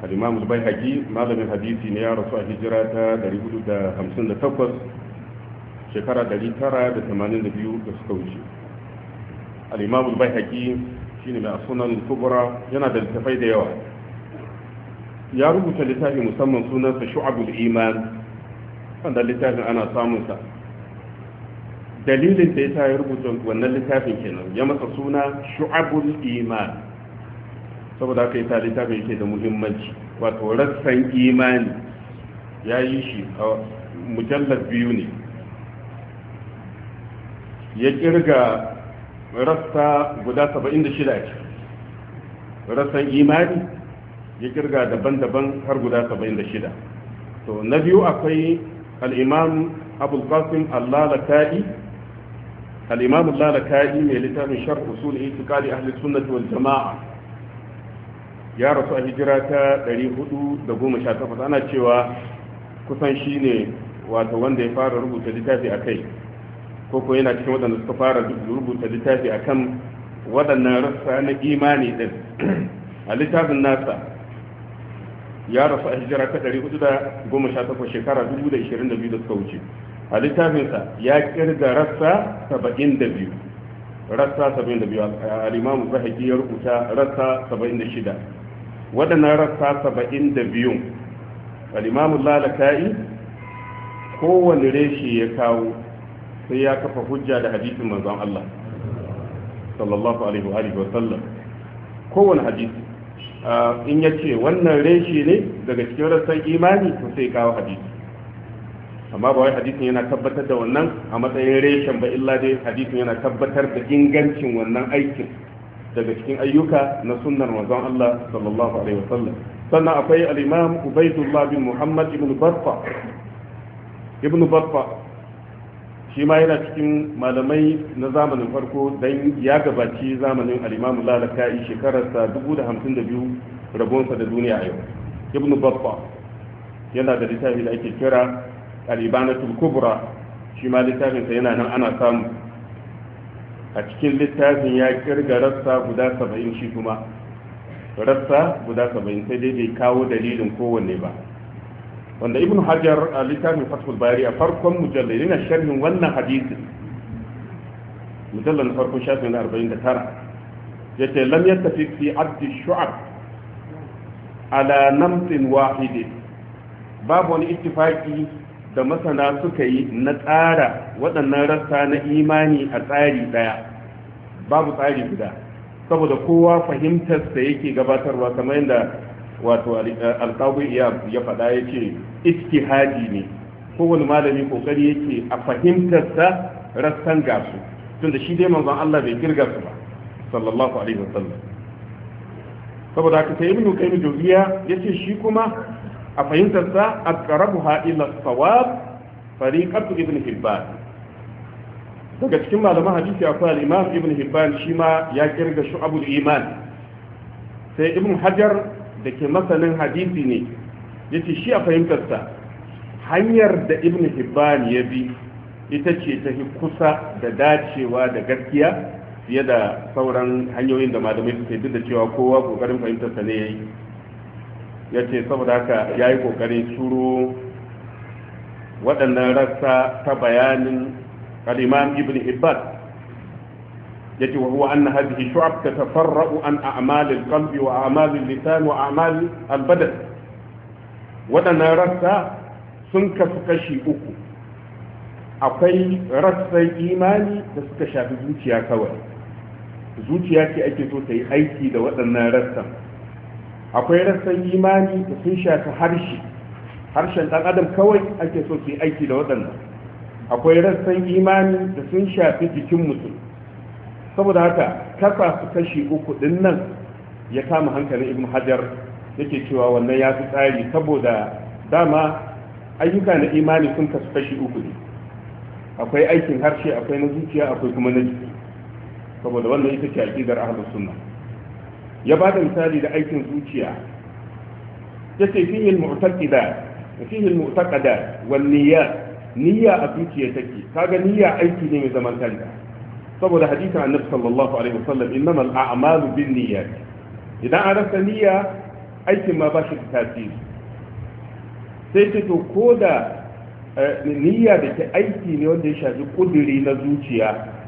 S2: al-imam al-baihaqi malamin hadisi ne ya rasu a hijira ta 458 shekara 982 da suka wuce al-imam al-baihaqi shine mai sunan kubra yana da littafai da yawa ya rubuta littafi musamman sunansa shu'abul iman wanda littafin ana samun sa. dalilin da ya sa ya rubuta wannan littafin kenan ya masa suna shu'abul iman saboda haka ta littafin yake da muhimmanci wato rassan imani ya yi shi a mujallar biyu ne ya kirga rassa guda 76 a ciki rassan imani ya kirga daban-daban har guda 76 to na biyu akwai al'imam abulkasim allalaka'i al'imam allalaka'i mai littafin shar usul itikadi ahli sunnati wal jama'a ya rasu a hijira ta 418 ana cewa kusan shi ne wato wanda ya fara rubuta littafi a kai ko ko yana cikin waɗanda suka fara rubuta littafi a kan waɗannan rassa na imani ɗin a littafin nasa ya rasu a hijira ta 418 shekara 2022 da suka wuce a littafinsa ya kirga rassa 72 rassa 72 al'imamu zahaki ya rubuta rassa waɗannan rassa saba'in da biyun alimamun lalaka'i kowane reshe ya kawo sai ya kafa hujja da hadisin manzon Allah sallallahu alaihi wa sallam kowane hadisi in ya ce wannan reshe ne daga cikin rassan imani to sai kawo hadisi amma ba wai hadisin yana tabbatar da wannan a matsayin reshen ba illa dai hadisin yana tabbatar da ingancin wannan aikin daga cikin ayyuka na sunnar manzon Allah sallallahu alaihi wasallam sannan akwai al-imam Ubaydullah bin Muhammad ibn Barfa ibn Barfa shi ma yana cikin malamai na zamanin farko dan ya gabaci zamanin al-imam Lalaka'i shekararsa 1052 rabonsa da duniya yau ibn Barfa yana da littafi da ake kira al-Ibanatul Kubra shi ma littafinsa yana nan ana samu a cikin littafin ya kirga rassa guda saba'in shi kuma rassa guda saba'in sai dai bai kawo dalilin kowanne ba wanda ibn hajar a littafin fatul bari a farkon mujallar yana sharhin wannan hadisi mujallar farkon shafi na arba'in tara ya ce lam ya tafi fi abdi shu'ab ala namtin wahidin babu wani ittifaki da masana suka yi na tsara waɗannan rassa na imani a tsari ɗaya babu tsari guda saboda kowa fahimtarsa yake gabatarwa kamar yadda wato eh, ya faɗa ya ce istihaji ne kowane malami ƙoƙari yake a fahimtarsa rassan gasu tunda shi dai manzon Allah bai kirga su ba sallallahu alaihi wasallam saboda aka sai ibnu qayyim ya yace shi kuma a fahimtar sa aqrabuha ila sawab fariqatu ibn hibban daga cikin malaman hadisi akwai al-imam ibn hibban shima ya kirga shu'abul iman sai ibn hajar da ke masanin hadisi ne yace shi a hanyar da ibn hibban ya bi ita ce ta fi kusa da dacewa da gaskiya fiye da sauran hanyoyin da malamai suke duk da cewa kowa kokarin fahimtarsa ne ya yi ya ce saboda haka ya yi ƙoƙarin turo waɗannan rassa ta bayanin al'imam ibn hibban ya ce wa an na hadihi shu'ab ta tafarra'u an a'malil qalbi wa a'malil lisan wa a'malil albadan waɗannan rassa sun kasu kashi uku akwai rassan imani da suka shafi zuciya kawai zuciya ce ake so ta yi aiki da waɗannan rassan akwai rassan imani da sun shafi harshe harshen ɗan adam kawai ake so su yi aiki da waɗannan akwai rassan imani da sun shafi jikin mutum saboda haka kasa su kashi uku ɗin nan ya kama hankalin ibn hajar yake cewa wannan ya fi tsari saboda dama ayyuka na imani sun kasu kashi uku ne akwai aikin harshe akwai na zuciya akwai kuma na jiki saboda wannan ita ce a aƙidar ahlus sunna ya ba da misali da aikin zuciya ya ce fihil mu'taqida fihil mu'taqada wal niyya niyya a zuciya take kaga niyya aiki ne mai zaman kanta saboda hadisin annabi sallallahu alaihi wasallam innamal a'malu bin niyyat idan an rasa niyya aikin ma ba shi da tasiri sai ce to ko da eh, niyya da ke aiki ne wanda ya shafi kudiri na zuciya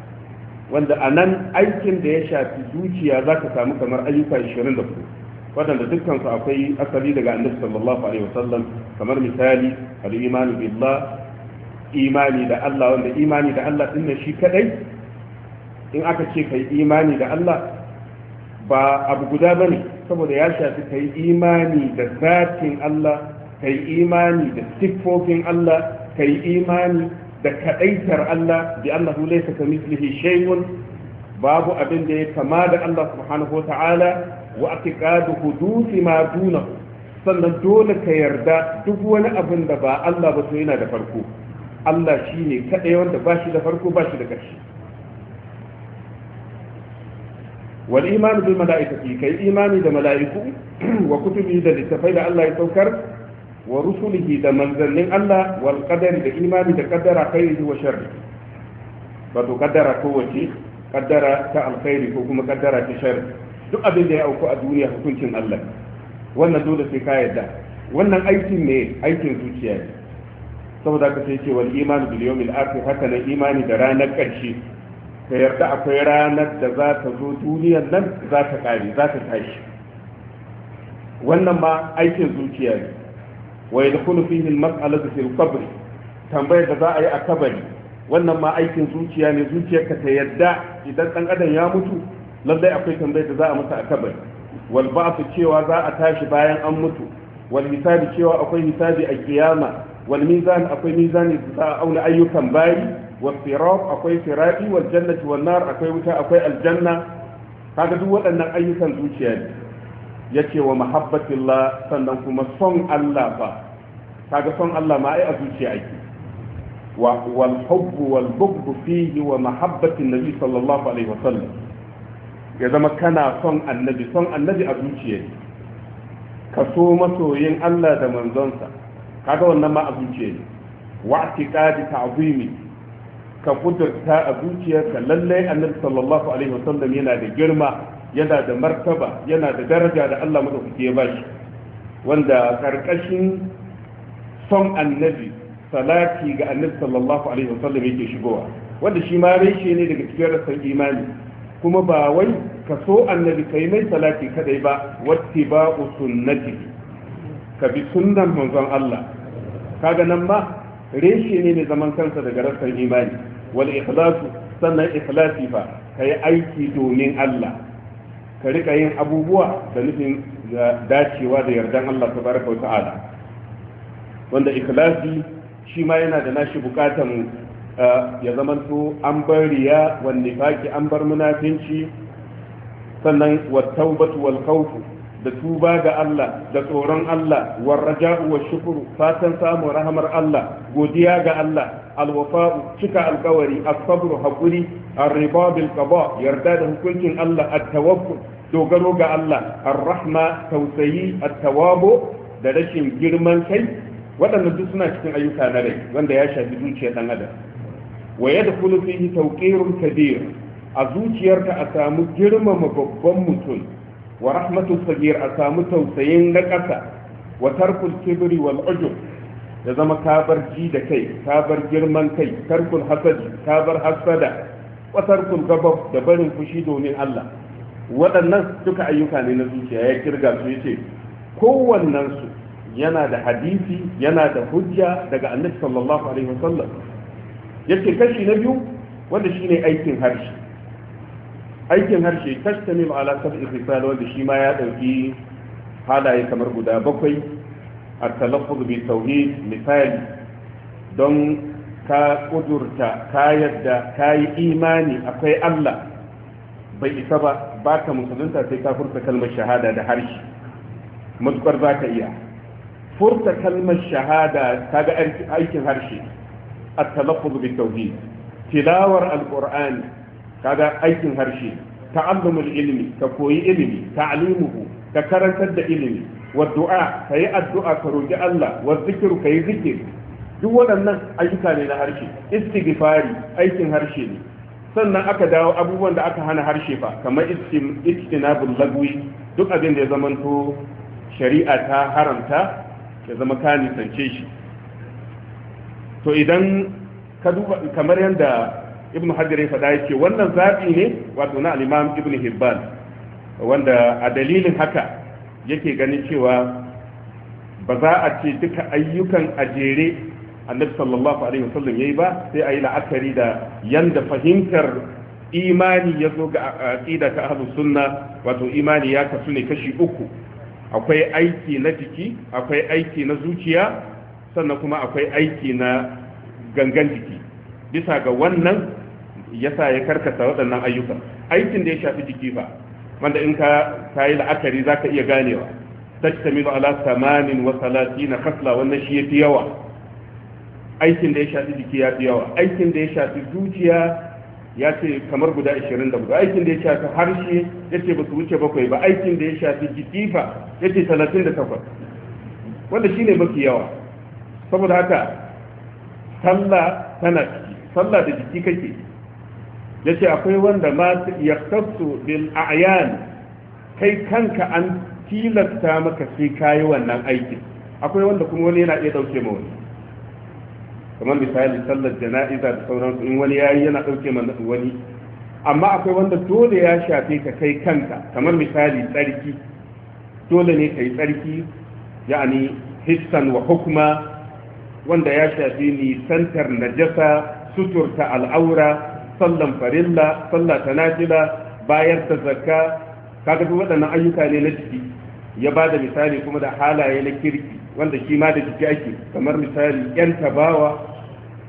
S2: wanda a nan aikin da ya shafi zuciya za ka samu kamar ayyuka 24 waɗanda su akwai asali daga annabi sallallahu alaihi wasallam kamar misali al-imanu billah imani da Allah wanda imani da Allah din shi kadai in aka ce kai imani da Allah ba abu guda bane saboda ya shafi kai imani da zatin Allah kai imani da siffofin Allah kai imani da kadaitar Allah bi annahu laysa kamithlihi shay'un babu abin da ya kama da Allah subhanahu wa ta'ala wa atiqadu hudufi ma duna sannan dole ka yarda duk wani abin da ba Allah ba to yana da farko Allah shine kadai wanda ba shi da farko ba shi da ƙarshe wal iman bil mala'ikati kai imani da mala'iku wa kutubi da littafai da Allah ya saukar wa rusulihi da manzannin Allah wal qadari da imani da kaddara khairihi wa sharri to kaddara kowace kaddara ta alkhairi ko kuma kaddara ta sharri duk abin da ya auku a duniya hukuncin Allah wannan dole sai ka yarda wannan aikin ne aikin zuciya ne saboda ka sai ce wal imani bil yawmil akhir haka ne imani da ranar ƙarshe ka yarda akwai ranar da za ta zo duniyar nan za ta kare za ta tashi wannan ma aikin zuciya ne wa yadkhulu fihi al-mas'alatu fil qabr tambayar da za a yi a kabari wannan ma aikin zuciya ne zuciyarka ta yadda idan dan adam ya mutu lallai akwai tambayar da za a masa a kabari wal ba'su cewa za a tashi bayan an mutu wal hisabi cewa akwai hisabi a kiyama wal mizan akwai mizani da za a auna ayyukan bayi wal sirat akwai sirati wal jannati wan nar akwai wuta akwai aljanna kaga duk waɗannan ayyukan zuciya ne yace wa mahabbatillah sannan kuma son Allah fa kaga son Allah ma ai a zuciya yake wa wal hubb wal bughd fihi wa mahabbatin nabi sallallahu alaihi wa sallam ya zama kana son annabi son annabi a zuciya ka so masoyin Allah da manzonsa kaga wannan ma a zuciya ne wa i'tiqadi ta'zimi ka kudurta a zuciya ka lallai annabi sallallahu alaihi wa sallam yana da girma yana da martaba yana da daraja da Allah madaukake ya shi. wanda karkashin son annabi salati ga annabi sallallahu alaihi wasallam yake shigowa wanda shi ma reshe ne daga cikin rasan imani kuma ba wai ka so annabi kai mai salati kadai ba ba sunnati ka bi sunnan manzon Allah kaga nan ma reshe ne mai zaman kansa daga rassan imani wal ikhlasu sannan ikhlasi fa kai aiki domin Allah ka rika yin abubuwa da nufin eh, dacewa da yardan Allah tabaraka wa ta'ala wanda ikhlasi shi ma yana da nashi bukatan eh, ya zamanto an bar riya wa nifaki an bar munafinci sannan wa taubatu wal khawfu da tuba ga Allah da tsoron Allah warraja'u wa shukuru fatan samun rahamar Allah godiya ga Allah alwafa'u cika alkawari as-sabru hakuri ar-riba bil qada yarda da hukuncin Allah at-tawakkul dogaro ga Allah ar-rahma tausayi at-tawabo da rashin girman kai waɗanda duk suna cikin ayyuka na rai wanda ya shafi zuciyar ɗan adam wa yadkhulu fihi tawqirun kabir a zuciyarka a samu girmama babban mutum wa rahmatu sagir a samu tausayin na ƙasa wa tarkul kibri wal ujub ya zama kabar ji da kai kabar girman kai tarkul hasad kabar hasada wa tarkul gabab da barin fushi domin Allah waɗannan duka ayyuka ne na zuciya ya kirga su yace ce, su yana da hadisi yana da hujja daga annabi sallallahu alaihi wasallam ce kashi na biyu wanda ne aikin harshe aikin harshe tashtamil ala sab'i khisal wanda shi ma ya ɗauki halaye kamar guda bakwai a talaffuz bi tauhid misali don ka kudurta ka yadda ka yi imani akwai Allah bai isa ba baka musulunta sai ka furta kalmar shahada da harshe matukar za ka iya furta kalmar shahada ta ga aikin harshe a talaffuz bi tauhid tilawar Ka kaga aikin harshe ta'allumul ilmi ka koyi ilimi ta'limuhu ka karantar da ilimi wa du'a ka yi addu'a ka roki Allah wa zikiru ka yi zikir duk waɗannan ayyuka ne na harshe istighfari aikin harshe ne sannan aka dawo abubuwan da aka hana harshe ba kamar istinabul lagwi duk abin da ya zamanto shari'a ta haramta ya zama ka nisance shi to idan ka duba kamar yadda ibn hajar ya faɗa yake wannan zaɓi ne wato na al'imam ibn hibban wanda a dalilin haka yake ganin cewa ba za a ce duka ayyukan a jere annabi sallallahu alaihi wasallam yayi ba sai ayi la'akari da yanda fahimtar imani ya zo ga aqida ta ahlus sunna wato imani ya kasu ne kashi uku akwai aiki na jiki akwai aiki na zuciya sannan kuma akwai aiki na gangan jiki bisa ga wannan yasa ya karkata waɗannan ayyukan aikin da ya shafi jiki ba wanda in ka kayi la'akari zaka iya ganewa tajtamilu ala 38 kasla wannan shi yafi yawa aikin da ya shafi jiki ya fi yawa aikin da ya shafi zuciya ya ce kamar guda 24 aikin da ya shafi harshe ya ce ba su wuce bakwai ba aikin da ya shafi jikifa ya ce 38 wanda shi ne mafi yawa saboda haka sallah tana ciki sallah da jiki kake ya ce akwai wanda ma ya tafsu bil a'yan kai kanka an tilasta maka sai kayi wannan aikin akwai wanda kuma wani yana iya dauke ma wani kamar misali sallar jana'iza da sauransu in wani yayi yana dauke mana wani amma akwai wanda dole ya shafe ka kai kanka kamar misali tsarki dole ne kai tsarki ya'ani hissan wa hukma wanda ya shafe ni nisantar najasa suturta al'aura sallan farilla sallah tanajila bayar da zakka kaga duk waɗannan ayyuka ne na jiki ya ba da misali kuma da halaye na kirki wanda shi ma da jiki ake kamar misali yan tabawa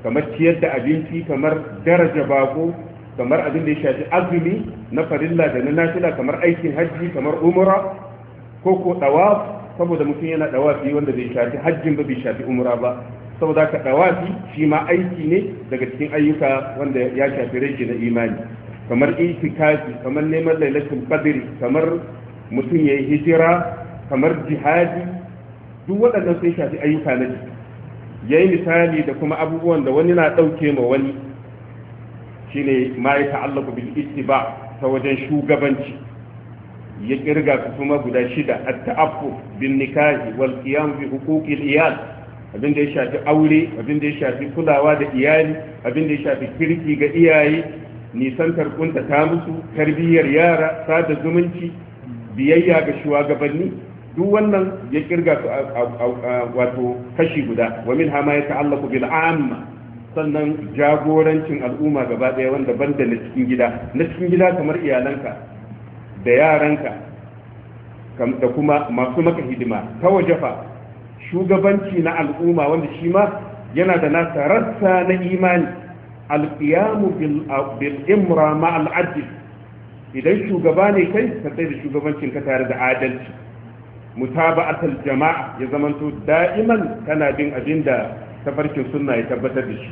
S2: kamar ciyar da abinci kamar daraja bako kamar abin da ya shafi azumi na farilla da na nafila kamar aikin hajji kamar umra ko ko dawaf saboda mutum yana dawafi wanda bai shafi hajjin ba bai shafi umra ba saboda ka dawafi shi ma aiki ne daga cikin ayyuka wanda ya shafi rage na imani kamar itikafi kamar neman lailatul qadr kamar mutum yayi hijira kamar jihadi duk waɗannan sai shafi ayyuka na jiki ya yi misali da kuma abubuwan da wani na ɗauke ma wani shine ma ya ta'allaku bil ittiba ta wajen shugabanci ya kirga su kuma guda shida at-ta'affu bin nikahi wal qiyam bi huquqil iyal abin da ya shafi aure abin da ya shafi kulawa da iyali abin da ya shafi kirki ga iyaye nisantar kunta ta musu tarbiyyar yara sada zumunci biyayya ga shugabanni duk wannan ya kirga su wato kashi guda wa min hama ya ta'allaku bil amma sannan jagorancin al'umma gaba daya wanda banda na cikin gida na cikin gida kamar iyalanka da yaranka da kuma masu maka hidima ta wajefa shugabanci na al'umma wanda shi ma yana da nasa rassa na imani alqiyamu bil imra ma idan shugaba ne kai ka tsaye da shugabancin ka tare da adalci mutaba'atul jama'a ya zamanto da'iman kana bin abinda tafarkin sunna ya tabbatar da shi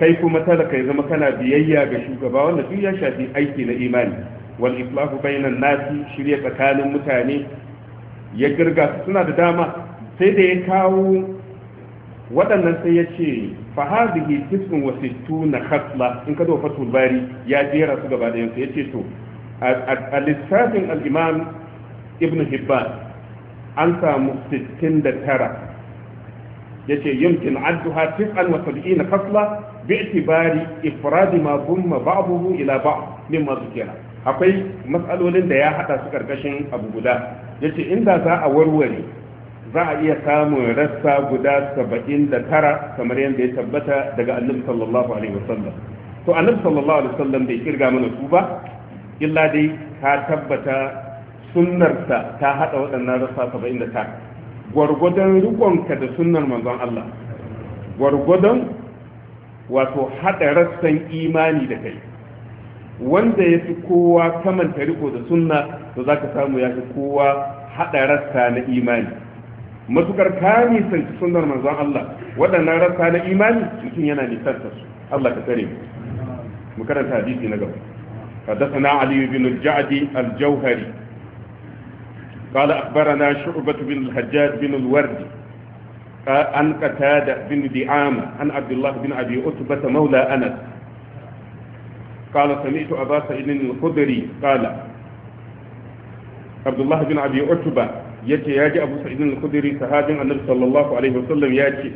S2: kai kuma talaka ya zama kana biyayya ga shugaba wanda duk ya shafi aiki na imani wal islahu bainan nasi shirya tsakanin mutane ya girga suna da dama sai da ya kawo waɗannan sai ya ce fa hadhihi tisun wa sittuna khatla in ka dofa tulbari ya jera su gaba da sai ya ce to a lissafin al-imam ibn hibban an samu 69 yace yumkin adduha 79 fasla bi'tibari ifrad ma dhumma ba'dahu ila ba'd mimma zikira akwai matsalolin da ya hada su karkashin abu guda yace inda za a warware za a iya samun rassa guda 79 kamar yadda ya tabbata daga annabi sallallahu alaihi wasallam to annabi sallallahu alaihi wasallam bai kirga mana su ba illa dai ka tabbata sunnarsa ta haɗa waɗannan rasa saba'in da ta. gwargwadon rikonka da sunnar manzon Allah gwargwadon wato haɗa rassan imani da kai wanda ya fi kowa kamanta riko da sunna to za ka samu ya fi kowa haɗa rassa na imani matukar ka nisanci sunnar manzon Allah waɗannan rassa na imani mutum yana nisan su Allah ka tsare mu mu karanta hadisi na gaba حدثنا علي بن الجعد الجوهري قال أخبرنا شعبة بن الحجاج بن الورد آه، عن قتادة بن دعامة عن عبد الله بن أبي عتبة مولى أنس قال سمعت أبا سعيد الخدري قال عبد الله بن أبي عتبة يأتي ياجي أبو سعيد الخدري صحابي النبي صلى الله عليه وسلم يأتي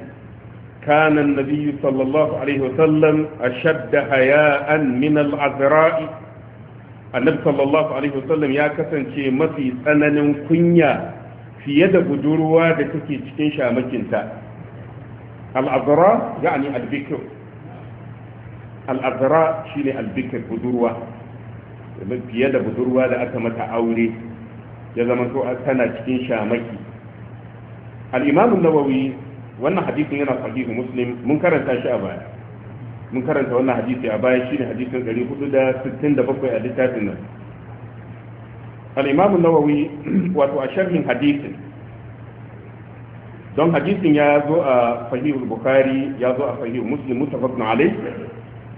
S2: كان النبي صلى الله عليه وسلم أشد حياء من العذراء annabi sallallahu alaihi wasallam ya kasance mafi tsananin kunya fiye da budurwa da take cikin shamakinta al'azara ya'ani albikir al'azara ne albikir budurwa fiye da budurwa da aka mata aure ya zama to tana cikin shamaki al-imam nawawi wannan hadisin yana sahihu muslim mun karanta shi a baya mun karanta wannan hadisi a baya shine hadisin 467 a littafin nan al-imam an-nawawi wato a sharhin hadisin don hadisin ya zo a sahihul bukhari ya zo a sahihul muslim muttafaqun alayh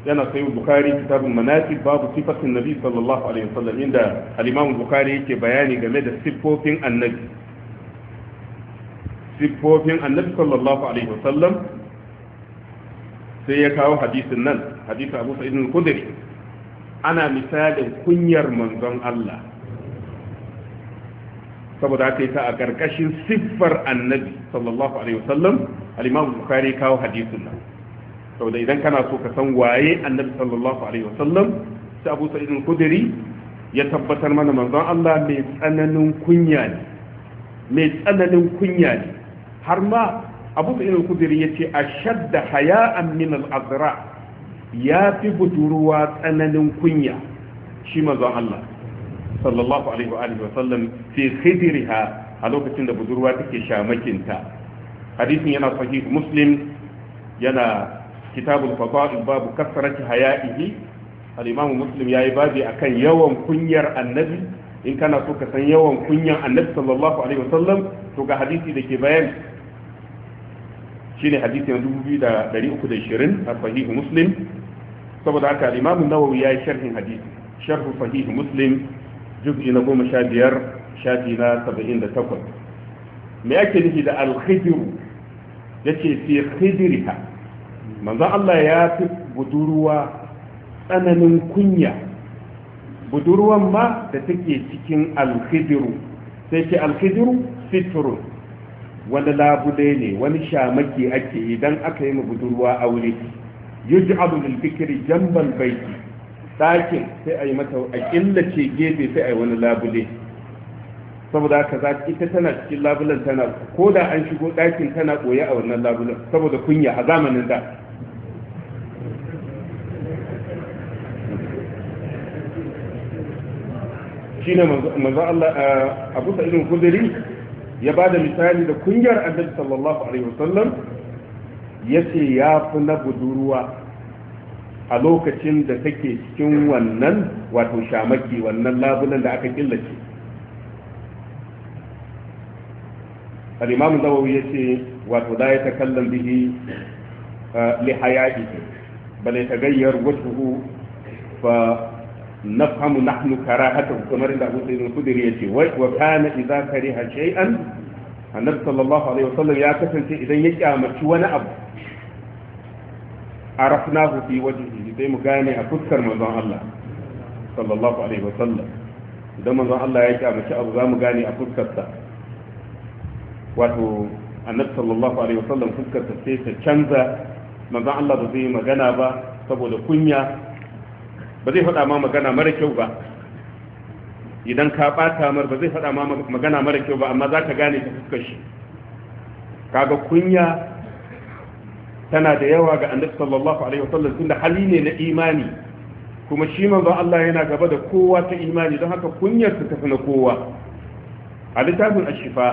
S2: yana sahihul bukhari kitabul manasib babu sifatin nabi sallallahu alaihi wasallam inda al-imam bukhari yake bayani game da siffofin annabi siffofin annabi sallallahu alaihi wasallam sai ya kawo hadisin nan hadisin abu sa'id al-khudri ana misalin kunyar manzon Allah saboda haka yasa a ƙarƙashin siffar annabi sallallahu alaihi wasallam al-imam bukhari kawo hadisin nan saboda idan kana so ka san waye annabi sallallahu alaihi wasallam sai abu sa'id al-khudri ya tabbatar mana manzon Allah mai tsananin kunya ne mai tsananin kunya ne har ma abu da ilil kudiri ya ce a shadda haya'an min ya fi budurwa tsananin kunya shi manzon Allah sallallahu alaihi wa alihi wa sallam fi khidriha a lokacin da budurwa take shamakinta hadisin yana sahih muslim yana kitabul fadail babu kasrati haya'ihi al-imamu muslim yayi babi akan yawan kunyar annabi in kana so ka san yawan kunyan annabi sallallahu alaihi wa sallam to ga hadisi da ke bayan shine hadisi na 2320 a sahihu muslim saboda haka imamu nawawi ya yi sharhin hadisi sharhu sahihu muslim juz'i na goma sha biyar shafi na saba'in da takwas me ake nufi da alkhidiru ya ce fi khidiriha manzo Allah ya fi budurwa tsananin kunya budurwan ma da take cikin alkhidiru sai ce alkhidiru fitrun wani labule ne wani shamaki ake idan aka yi budurwa aure abu lil fikiri janbal baiti dakin sai a yi mata a killace gefe sai a yi wani labule saboda haka za ita tana cikin labulen tana ko da an shigo dakin tana boye a wannan labulen saboda kunya a zamanin da shine manzo Allah eh, Abu Sa'id al ya ba da misali da kungiyar annabi sallallahu alaihi wasallam ya ce ya fi na budurwa a lokacin da take cikin wannan wato shamaki wannan labulan da aka killace al-imam nawawi ya ce wato da ya kallon bihi eh, li hayati bal yatagayyar wajhuhu fa nafhamu kara karahatahu kamar da Abu Sa'id al-Khudri yace wai wa kana idza kariha shay'an annabi sallallahu alaihi wasallam ya kasance idan ya kyamaci wani abu arafnahu fi wajhihi sai mu gane a fuskar manzon Allah sallallahu alaihi idan manzon Allah ya kyamaci abu za mu gane a fuskarsa wato annabi sallallahu alaihi wasallam fuskarsa sai ta canza manzon Allah ba zai magana ba saboda kunya ba zai faɗa ma magana mara kyau ba idan ka ɓata mar ba zai faɗa ma magana mara kyau ba amma za ka gane ta fuskar shi kaga kunya tana da yawa ga annabi sallallahu alaihi wasallam tunda hali ne na imani kuma shi manzo Allah yana gaba da kowa ta imani don haka kunyar ta tafi na kowa a littafin ashifa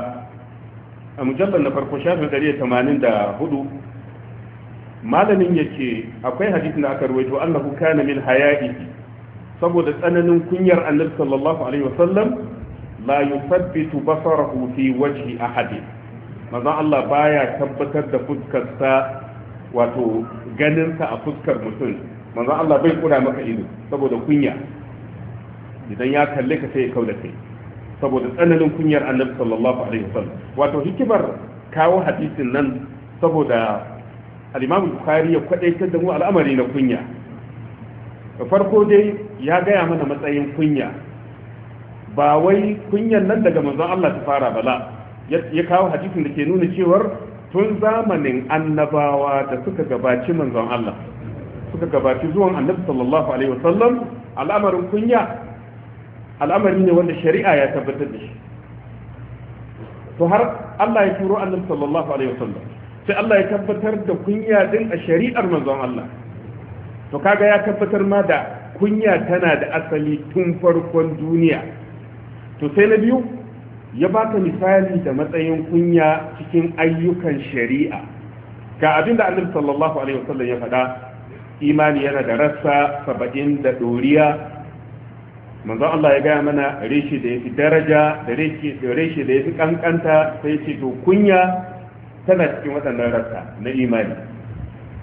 S2: a mujallar na farko shafin 184 malamin yake akwai hadisin da aka ruwaito annahu kana min haya'i saboda tsananin kunyar annabi sallallahu alaihi wasallam la yuthabbitu basarahu fi wajhi ahadin manzon Allah baya tabbatar da fuskarsa wato ganinsa a fuskar mutum manzon Allah bai kura maka ido saboda kunya idan ya kalle ka sai ya kauda kai saboda tsananin kunyar annabi sallallahu alaihi wasallam wato hikimar kawo hadisin nan saboda al-imam bukhari ya kwadaitar da mu al'amari na kunya da farko dai ya gaya mana matsayin kunya ba wai kunyan nan daga manzon Allah ta fara bala ya kawo hadisin da ke nuna cewar tun zamanin annabawa da suka gabaci manzon Allah suka gabaci zuwan annabi sallallahu alaihi wasallam al'amarin kunya al'amari ne wanda shari'a ya tabbatar da shi to har Allah ya turo annabi sallallahu alaihi wasallam sai Allah ya tabbatar da kunya din a shari'ar manzon Allah to kaga ya tabbatar ma da kunya tana da asali tun farkon duniya to sai na biyu ya baka misali da matsayin kunya cikin ayyukan shari'a ga abinda annabi sallallahu alaihi wasallam ya faɗa imani yana da rassa saba'in da ɗoriya manzon Allah ya gaya mana reshe da ya fi daraja da reshe da ya fi kankanta sai ce to kunya tana cikin waɗannan rassa na imani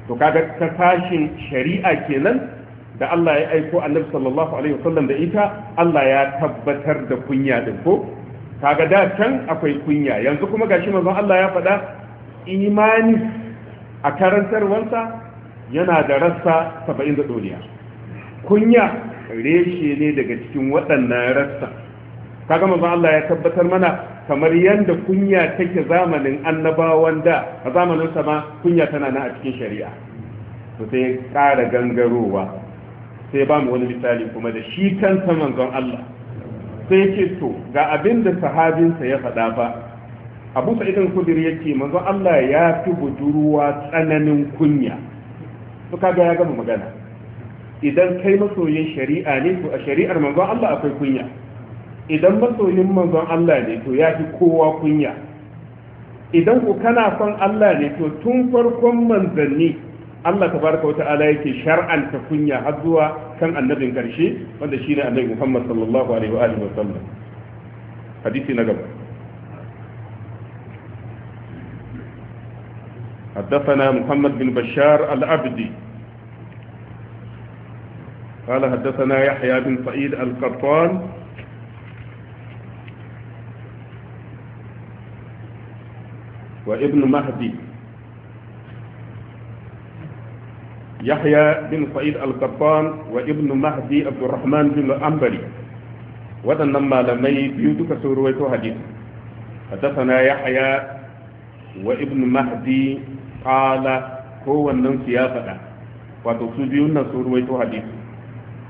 S2: to kaga ta fashin shari'a kenan da Allah ya aiko annabi sallallahu alaihi wasallam da ita Allah ya tabbatar da kunya din ko kaga da can akwai kunya yanzu kuma gashi manzo Allah ya faɗa imani a karantarwansa yana da rassa saba'in da duniya kunya reshe ne daga cikin waɗannan rassa kaga manzo Allah ya tabbatar mana kamar yadda kunya take zamanin annabawan da a zamanin sama kunya tana na a cikin shari'a to sai ƙara gangarowa sai ba mu wani misali kuma da shi kan saman manzon Allah sai ce to ga abin da sahabinsa ya faɗa ba abu sa'idan kudir ya ce manzon Allah ya fi budurwa tsananin kunya to kaga ya gama magana idan kai masoyin shari'a ne to a shari'ar manzon Allah akwai kunya idan masoyin manzon Allah ne to ya fi kowa kunya idan ku kana son Allah ne to tun farkon manzanni Allah tabaraka Wata Ala yake shar'anta kunya har zuwa kan annabin karshe wanda shine annabi Muhammad sallallahu alaihi wa alihi wa hadisi na gaba حدثنا محمد بن بشار العبدي قال حدثنا يحيى بن سعيد القطان وابن مهدي يحيى بن سعيد القطان وابن مهدي عبد الرحمن بن الأنبلي waɗannan ما biyu duka sun حديث حدثنا يحيى وابن مهدي قال هو النوم سياسة وتصديون سرويت حديث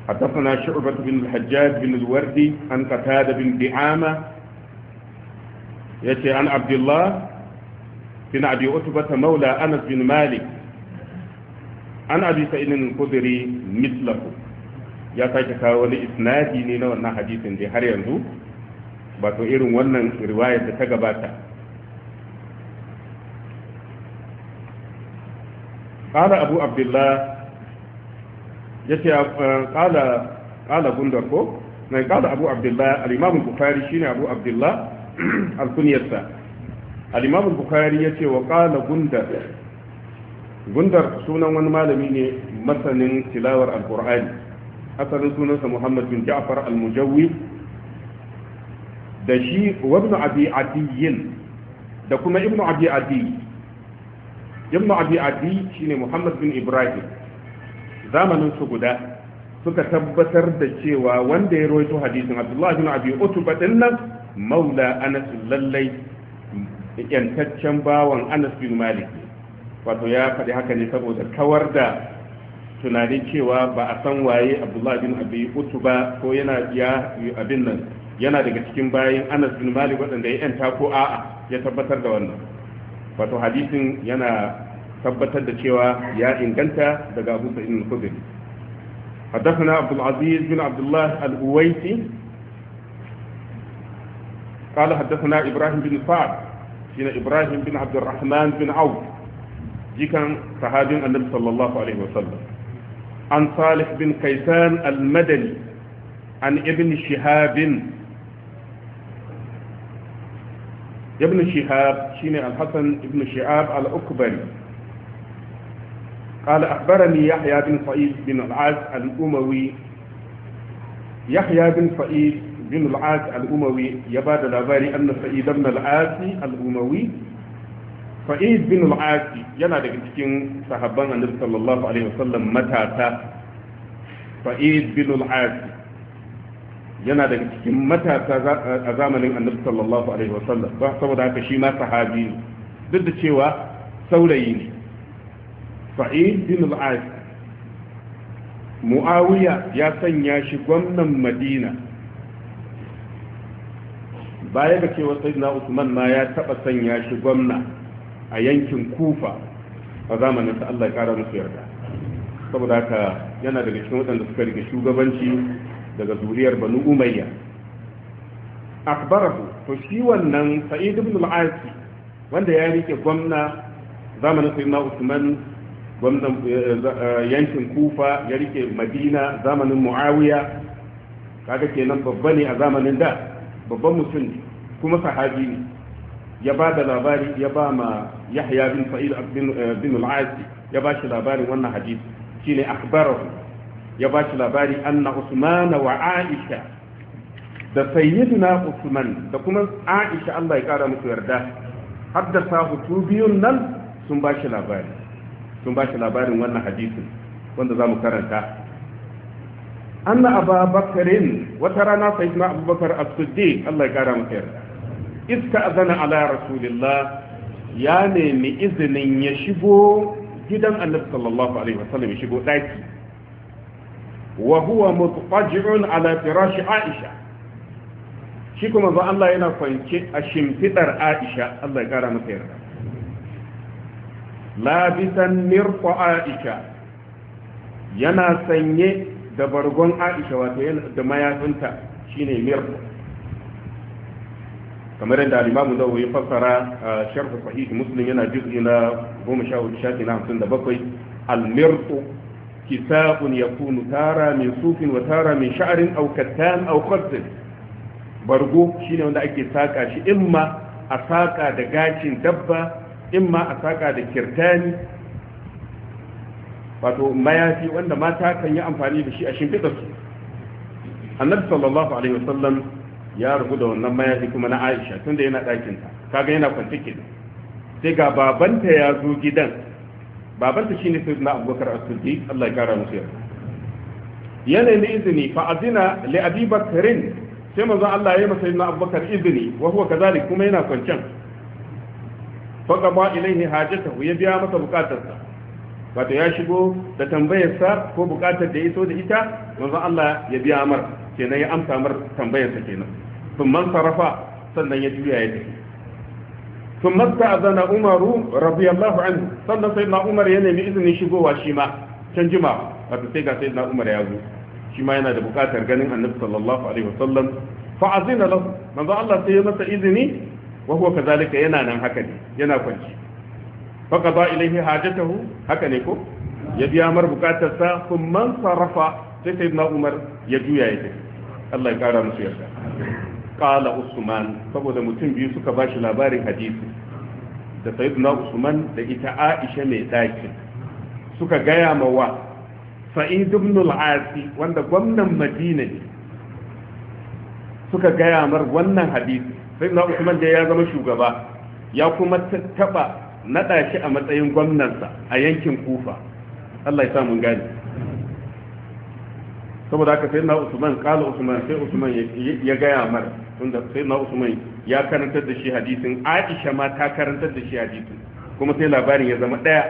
S2: حدثنا شعبة بن الحجاج بن الوردي عن قتادة بن دعامة يأتي عن عبد الله bin abi utbata maula anas bin malik an abi sa'idin al-khudri mislahu ya sake kawo wani isnadi ne na wannan hadisin da har yanzu ba to irin wannan riwayar da ta gabata qala abu abdullah yace uh, bukhari shine abu abdullah al alimamul imam bukhari ce wa ƙala gundar gundar sunan wani malami ne masanin tilawar alqur'ani asalin sunansa muhammad bin ja'far al-mujawwi da shi abi adiyin da kuma ibnu abi adi ibn abi adi shine muhammad bin ibrahim zamanin su guda suka tabbatar da cewa wanda ya roito hadisin abdullahi bin abi utuba dinnan maula anas lallai yantaccen bawan anas bin malik wato ya faɗi haka ne saboda kawar da tunanin cewa ba a san waye abdullahi bin abi utu ba ko yana ya abin nan yana daga cikin bayan anas bin malik waɗanda ya yanta ko a'a ya tabbatar da wannan wato hadisin yana tabbatar da cewa ya inganta daga abu sa'id al-khudri حدثنا عبد العزيز بن عبد الله الأويسي قال حدثنا إبراهيم بن سعد سيدنا إبراهيم بن عبد الرحمن بن عوف جي كان صحابي النبي صلى الله عليه وسلم عن صالح بن كيسان المدني عن ابن شهاب ابن شهاب شيني الحسن ابن شهاب الأكبري قال أخبرني يحيى بن فئيد بن العاز الأموي يحيى بن فئيد bin al-as al ya ba da labari anna sa'id ibn al-as al-umawi sa'id bin al yana daga cikin sahabban annabi sallallahu alaihi wasallam matata sa'id bin a zamanin sallallahu alaihi wasallam sahabi ne duk da cewa saurayi ne sa'id bin muawiya ya sanya shi gwamnan madina baya ga cewa sayyidina usman ma ya taba sanya shi gwamna a yankin kufa a zamanin sa Allah ya kara musu yarda saboda haka yana daga cikin waɗanda suka rike shugabanci daga zuriyar banu umayya akbarahu to shi wannan sa'id ibn al wanda ya rike gwamna zamanin sayyidina usman gwamnan eh, yankin kufa ya rike madina zamanin muawiya kaga kenan babba ne a zamanin da babban mutum kuma sahabi ne ya ba da labari ya ba ma yahya bin fa'il bin eh, al ya ba shi labarin wannan hadisi shine akhbarahu ya ba shi labari anna usman wa aisha da sayyidina usman da kuma aisha Allah ya kara musu yarda haddasa hutu biyun nan sun ba shi labari sun ba shi labarin wannan hadisin wanda za mu karanta anna aba bakarin wata rana sai na abubakar as-siddiq Allah ya kara masa yarda iska azana ala rasulillah ya nemi izinin ya shigo gidan annabi sallallahu alaihi wasallam ya shigo daki wa huwa mutqaj'un ala firashi aisha shi kuma ba Allah yana kwance a shimfidar aisha Allah ya kara masa yarda labisan mirqa aisha yana sanye da bargon aisha wato yana da mayafinta shine mirku kamar yadda alimamu da ya fassara a sharhu sahih muslim yana juz'i na goma sha hudu shafi na hamsin da bakwai almirku kisabun yakunu tara min sufin wa tara min sha'arin aw kattan aw khattin bargo shine wanda ake saka shi imma a saka da gacin dabba imma a saka da kirtani wato mayafi wanda mata kan yi amfani da shi a shimfiɗa su annabi sallallahu alaihi wasallam ya rubu da wannan mayafi kuma na aisha tunda yana ɗakin ta kaga yana kwance ke sai ga babanta ya zo gidan babanta shine na abubakar as-siddiq Allah ya kara musu yarda yanayin izini fa azina li abi bakrin sai manzon Allah ya yi masa na abubakar izini wa huwa kazalik kuma yana kwancen fa qada ilayhi hajatahu ya biya masa bukatarsa wato ya shigo da tambayarsa ko bukatar da ya so da ita manzon Allah ya biya amar kenan ya amsa mar tambayarsa kenan sun man sarrafa sannan ya juya ya tafi sun masta azana umaru radiyallahu anhu sannan sai na umar ya nemi izinin shigowa shi ma can jima wato sai ga sai na umar ya zo shi ma yana da bukatar ganin annabi sallallahu alaihi wasallam fa azina lahu manzon Allah sai ya masa izini wa huwa kazalika yana nan haka ne yana kwanci faka ba ilaihi hajatahu haka ne ko ya biya mar bukatarsa kun man sarrafa sai sai na umar ya juya ya tafi Allah ya kara musu yarda qala usman saboda mutum biyu suka ba shi labarin hadisi da sayyidina usman da ita aisha mai daki suka gaya mawa sa'id ibn al-asi wanda gwamnan madina ne suka gaya mar wannan hadisi sayyidina usman da ya zama shugaba ya kuma taba naɗa shi a matsayin gwamnansa a yankin kufa Allah ya sa mun gani. saboda haka sai na usman kala usman sai usman ya gaya mar tunda sai na usman ya karantar da shi hadisin aisha ma ta karantar da shi hadisin kuma sai labarin ya zama ɗaya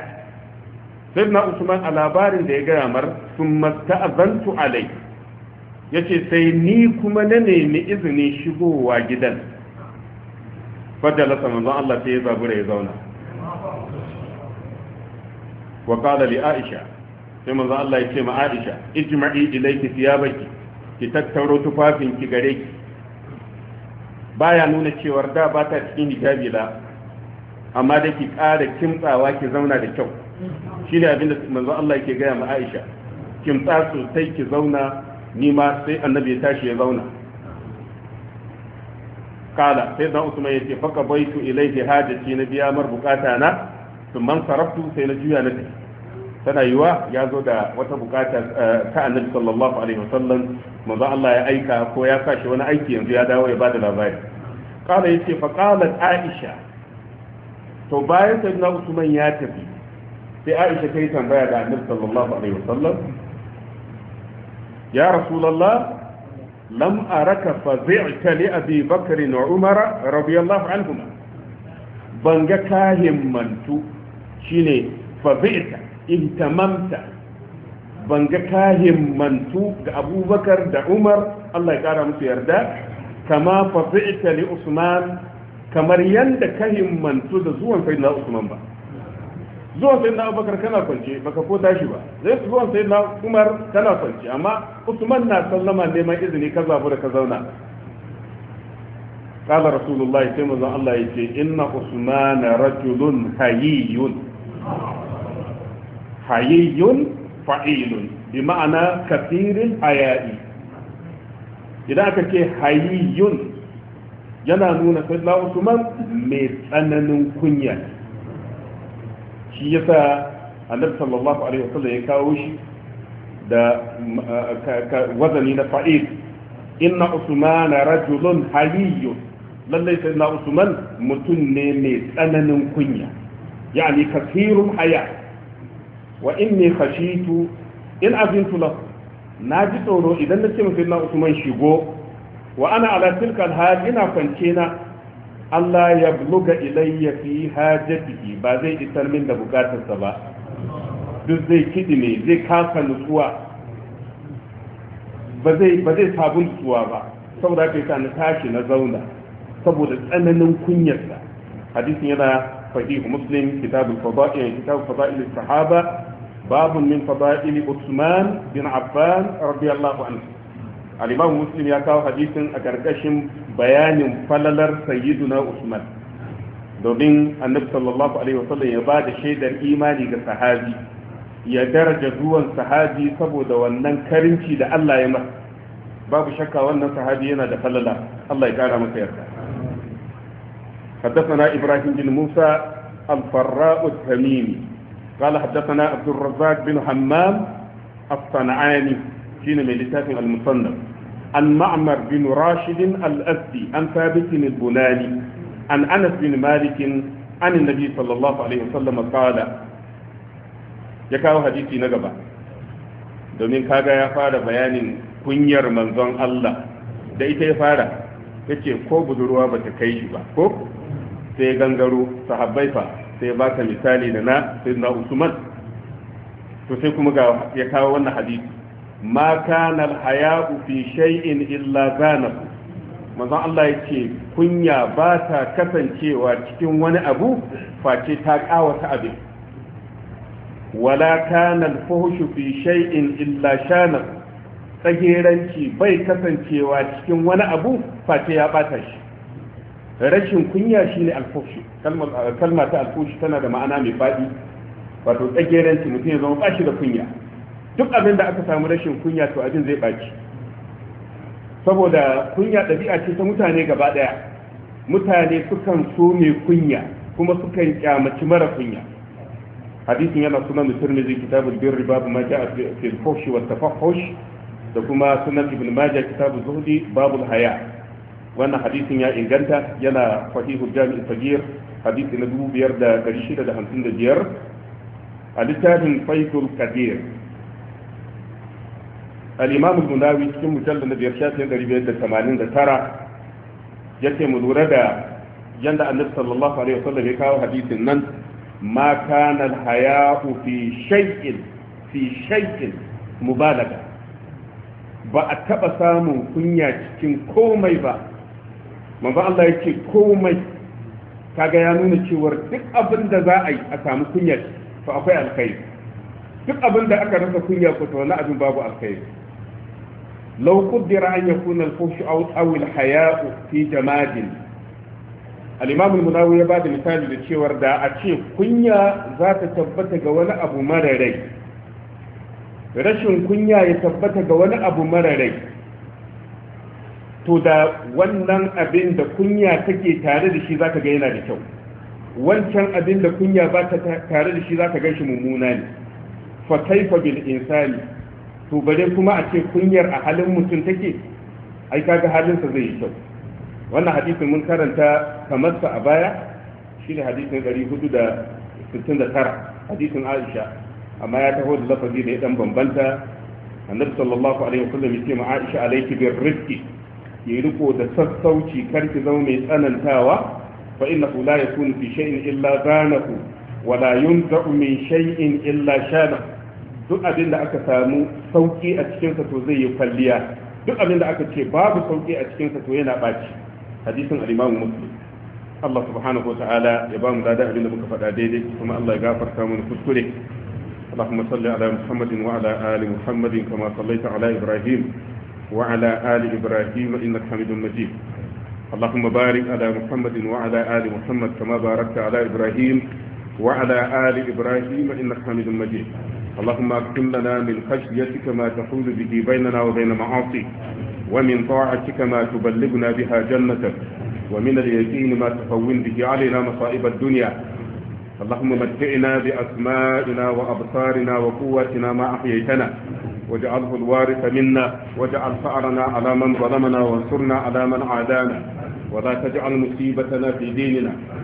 S2: sai na usman a labarin da ya gaya mar sun masta'azantu alai ya ce sai ni kuma na nemi izinin shigowa gidan fadda lasa manzon Allah sai ya zabura ya zauna wa qala li aisha sai manzo Allah ya ce ma aisha ijma'i ilayki thiyabaki ki tattaro tufafin ki gare ki baya nuna cewa da ba ta cikin hijabi la amma da ki ƙara kimtsawa ki zauna da kyau shine abin da manzo Allah yake gaya ma Aisha kimtsa sosai ki zauna ni ma sai annabi ya tashi ya zauna kala sai dan usman yace faka baitu ilaihi hajati na biya mar bukata na man saraftu sai na juya na tafi tana yiwa ya zo da wata bukata ta annabi sallallahu alaihi wasallam manzo Allah ya aika ko ya kashi wani aiki yanzu ya dawo ya bada labari kala yace fa qalat aisha to bayan sayyidina usman ya tafi sai aisha ta yi tambaya da annabi sallallahu alaihi wasallam ya rasulullah lam araka fazi'ta li abi bakr wa umar radiyallahu anhuma ban ga ka himmantu shine fazi'ta ihtamamta ban ga ka himmantu ga abubakar da umar Allah ya kara musu yarda kama fazi'ta li usman kamar yanda ka himmantu da zuwan sayyidina usman ba zuwan sayin na abubakar kana kwance baka ko tashi ba zai su zuwan sayin na umar kana kwance amma usman na sallama neman izini ka zabu da ka zauna kala rasulullahi sai mazan allah ya ce inna usman rajulun hayiyun hayiyun fa'ilun bi ma'ana kafirin hayayi idan aka ce hayiyun yana nuna sai na usman mai tsananin kunya shi yasa annabi sallallahu alaihi wasallam ya kawo shi da wazani na Fa'id. inna usman rajulun haliyun lallai sai na usman mutum ne mai tsananin kunya yani kasirun haya wa inni khashitu in azintu lahu na ji tsoro idan na ce mutum Inna usman shigo wa ana ala tilka alhal ina kwance na Allah ya bluga ilayya fi hajatihi ba zai isar min da bukatarsa ba duk zai kiɗi ne zai kasa nutsuwa ba zai ba zai sabu nutsuwa ba saboda kai yi na tashi na zauna saboda tsananin kunyarsa hadisin yana sahihu muslim kitabul fada'il kitabul fada'il sahaba باب من فضائل عثمان بن عفان رضي الله عنه ya kawo يكاو a أكركشم bayanin falalar sayyiduna usman domin annabi sallallahu alaihi wasallam ya ba da shaidar imani ga sahabi ya daraja zuwan sahabi saboda wannan karinci da Allah ya masa babu shakka wannan sahabi yana da falala Allah ya kara masa yarda حدثنا إبراهيم بن موسى الفراء التميمي قال حدثنا عبد الرزاق بن حمام الصنعاني شين من لتاف المصنف عن معمر بن راشد الأسدي عن ثابت البناني عن أنس بن مالك عن النبي صلى الله عليه وسلم قال يكاو حديثي نقبة domin kaga ya fara bayanin kunyar manzon Allah da ita ya fara ya ko budurwa ba ta kai ba ko sai gangaro sahabbai fa sai baka misali da na sai na usman to sai kuma ga ya kawo wannan hadisi ma kana alhaya'u fi shay'in illa zanahu manzon Allah ya ce kunya ba ta kasancewa cikin wani abu face ta kawata abin wala kana alfuhshu fi shay'in illa shana tsageranci bai kasancewa cikin wani abu face ya bata shi rashin kunya shine alfuhshu kalma ta alfuhshu tana da ma'ana mai fadi wato tsageranci mutum ya zama bashi da kunya duk abin da aka samu rashin kunya to abin zai baci saboda kunya ɗabi'a ce ta mutane gaba ɗaya mutane sukan so mai kunya kuma sukan kyamaci mara kunya hadisin yana sunan turmizi kitabul birri babu ma ja'a fil fuhsh wa tafahhush da kuma sunan ibn majah kitabul zuhdi babul haya wannan hadisin ya inganta yana sahihul jami'i sagir hadisi na biyar a littafin faikul kadir al-imam في مجلد cikin mujallal na biyar shafin ɗari biyar da tamanin da tara yake mu lura da yanda annabi sallallahu alaihi wasallam ya kawo hadisin nan سامو كنيا al-haya'u fi shay'in fi shay'in mubalaga ba cikin komai ba manzo Allah yake komai kaga ya nuna cewar duk abin da za a yi a samu kunya to akwai alkhairi duk abin da aka rasa kunya ko to wani abin babu alkhairi لو قدر أن يكون الفحش أو, أو الحياء في جماد الإمام المناوي بعد مثال لتشيور وردا أتشي كنيا ذات تبت ولا أبو مرري rashin kunya ya tabbata ga wani abu mara to da wannan abin da kunya take tare da shi zaka ga yana da kyau wancan abin da kunya ba ta tare da shi zaka ga shi mummuna ne fa kaifa bil insani to bare kuma a ce kunyar a halin mutum take ai kaga halinsa zai yi kyau wannan hadisin mun karanta kamar sa a baya shine hadisin 469 hadisin Aisha amma ya taho da lafazi da ya dan bambanta annabi sallallahu alaihi wasallam yace ma Aisha alayki bir rizqi yayi riko da sassauci kar ki zama mai tsanantawa fa innahu la yakunu fi shay'in illa zanahu wa la yunza'u min shay'in illa shanahu duk abin da aka samu sauki a cikinsa to zai yi kwalliya duk abin da aka ce babu sauki a cikinsa to yana ɓaci hadisin al muslim Allah subhanahu wa ta'ala ya ba mu dada abin da muka faɗa daidai kuma Allah ya gafarta mana kuskure اللهم صل على محمد وعلى آل محمد كما صليت على إبراهيم وعلى آل إبراهيم إنك حميد مجيد اللهم بارك على محمد وعلى آل محمد كما باركت على إبراهيم وعلى آل إبراهيم إنك حميد مجيد اللهم اقسم لنا من خشيتك ما تحول به بيننا وبين معاصيك ومن طاعتك ما تبلغنا بها جنتك ومن اليقين ما تهون به علينا مصائب الدنيا اللهم متعنا بأسمائنا وأبصارنا وقوتنا ما أحييتنا واجعله الوارث منا واجعل ثارنا على من ظلمنا وانصرنا على من عادانا ولا تجعل مصيبتنا في ديننا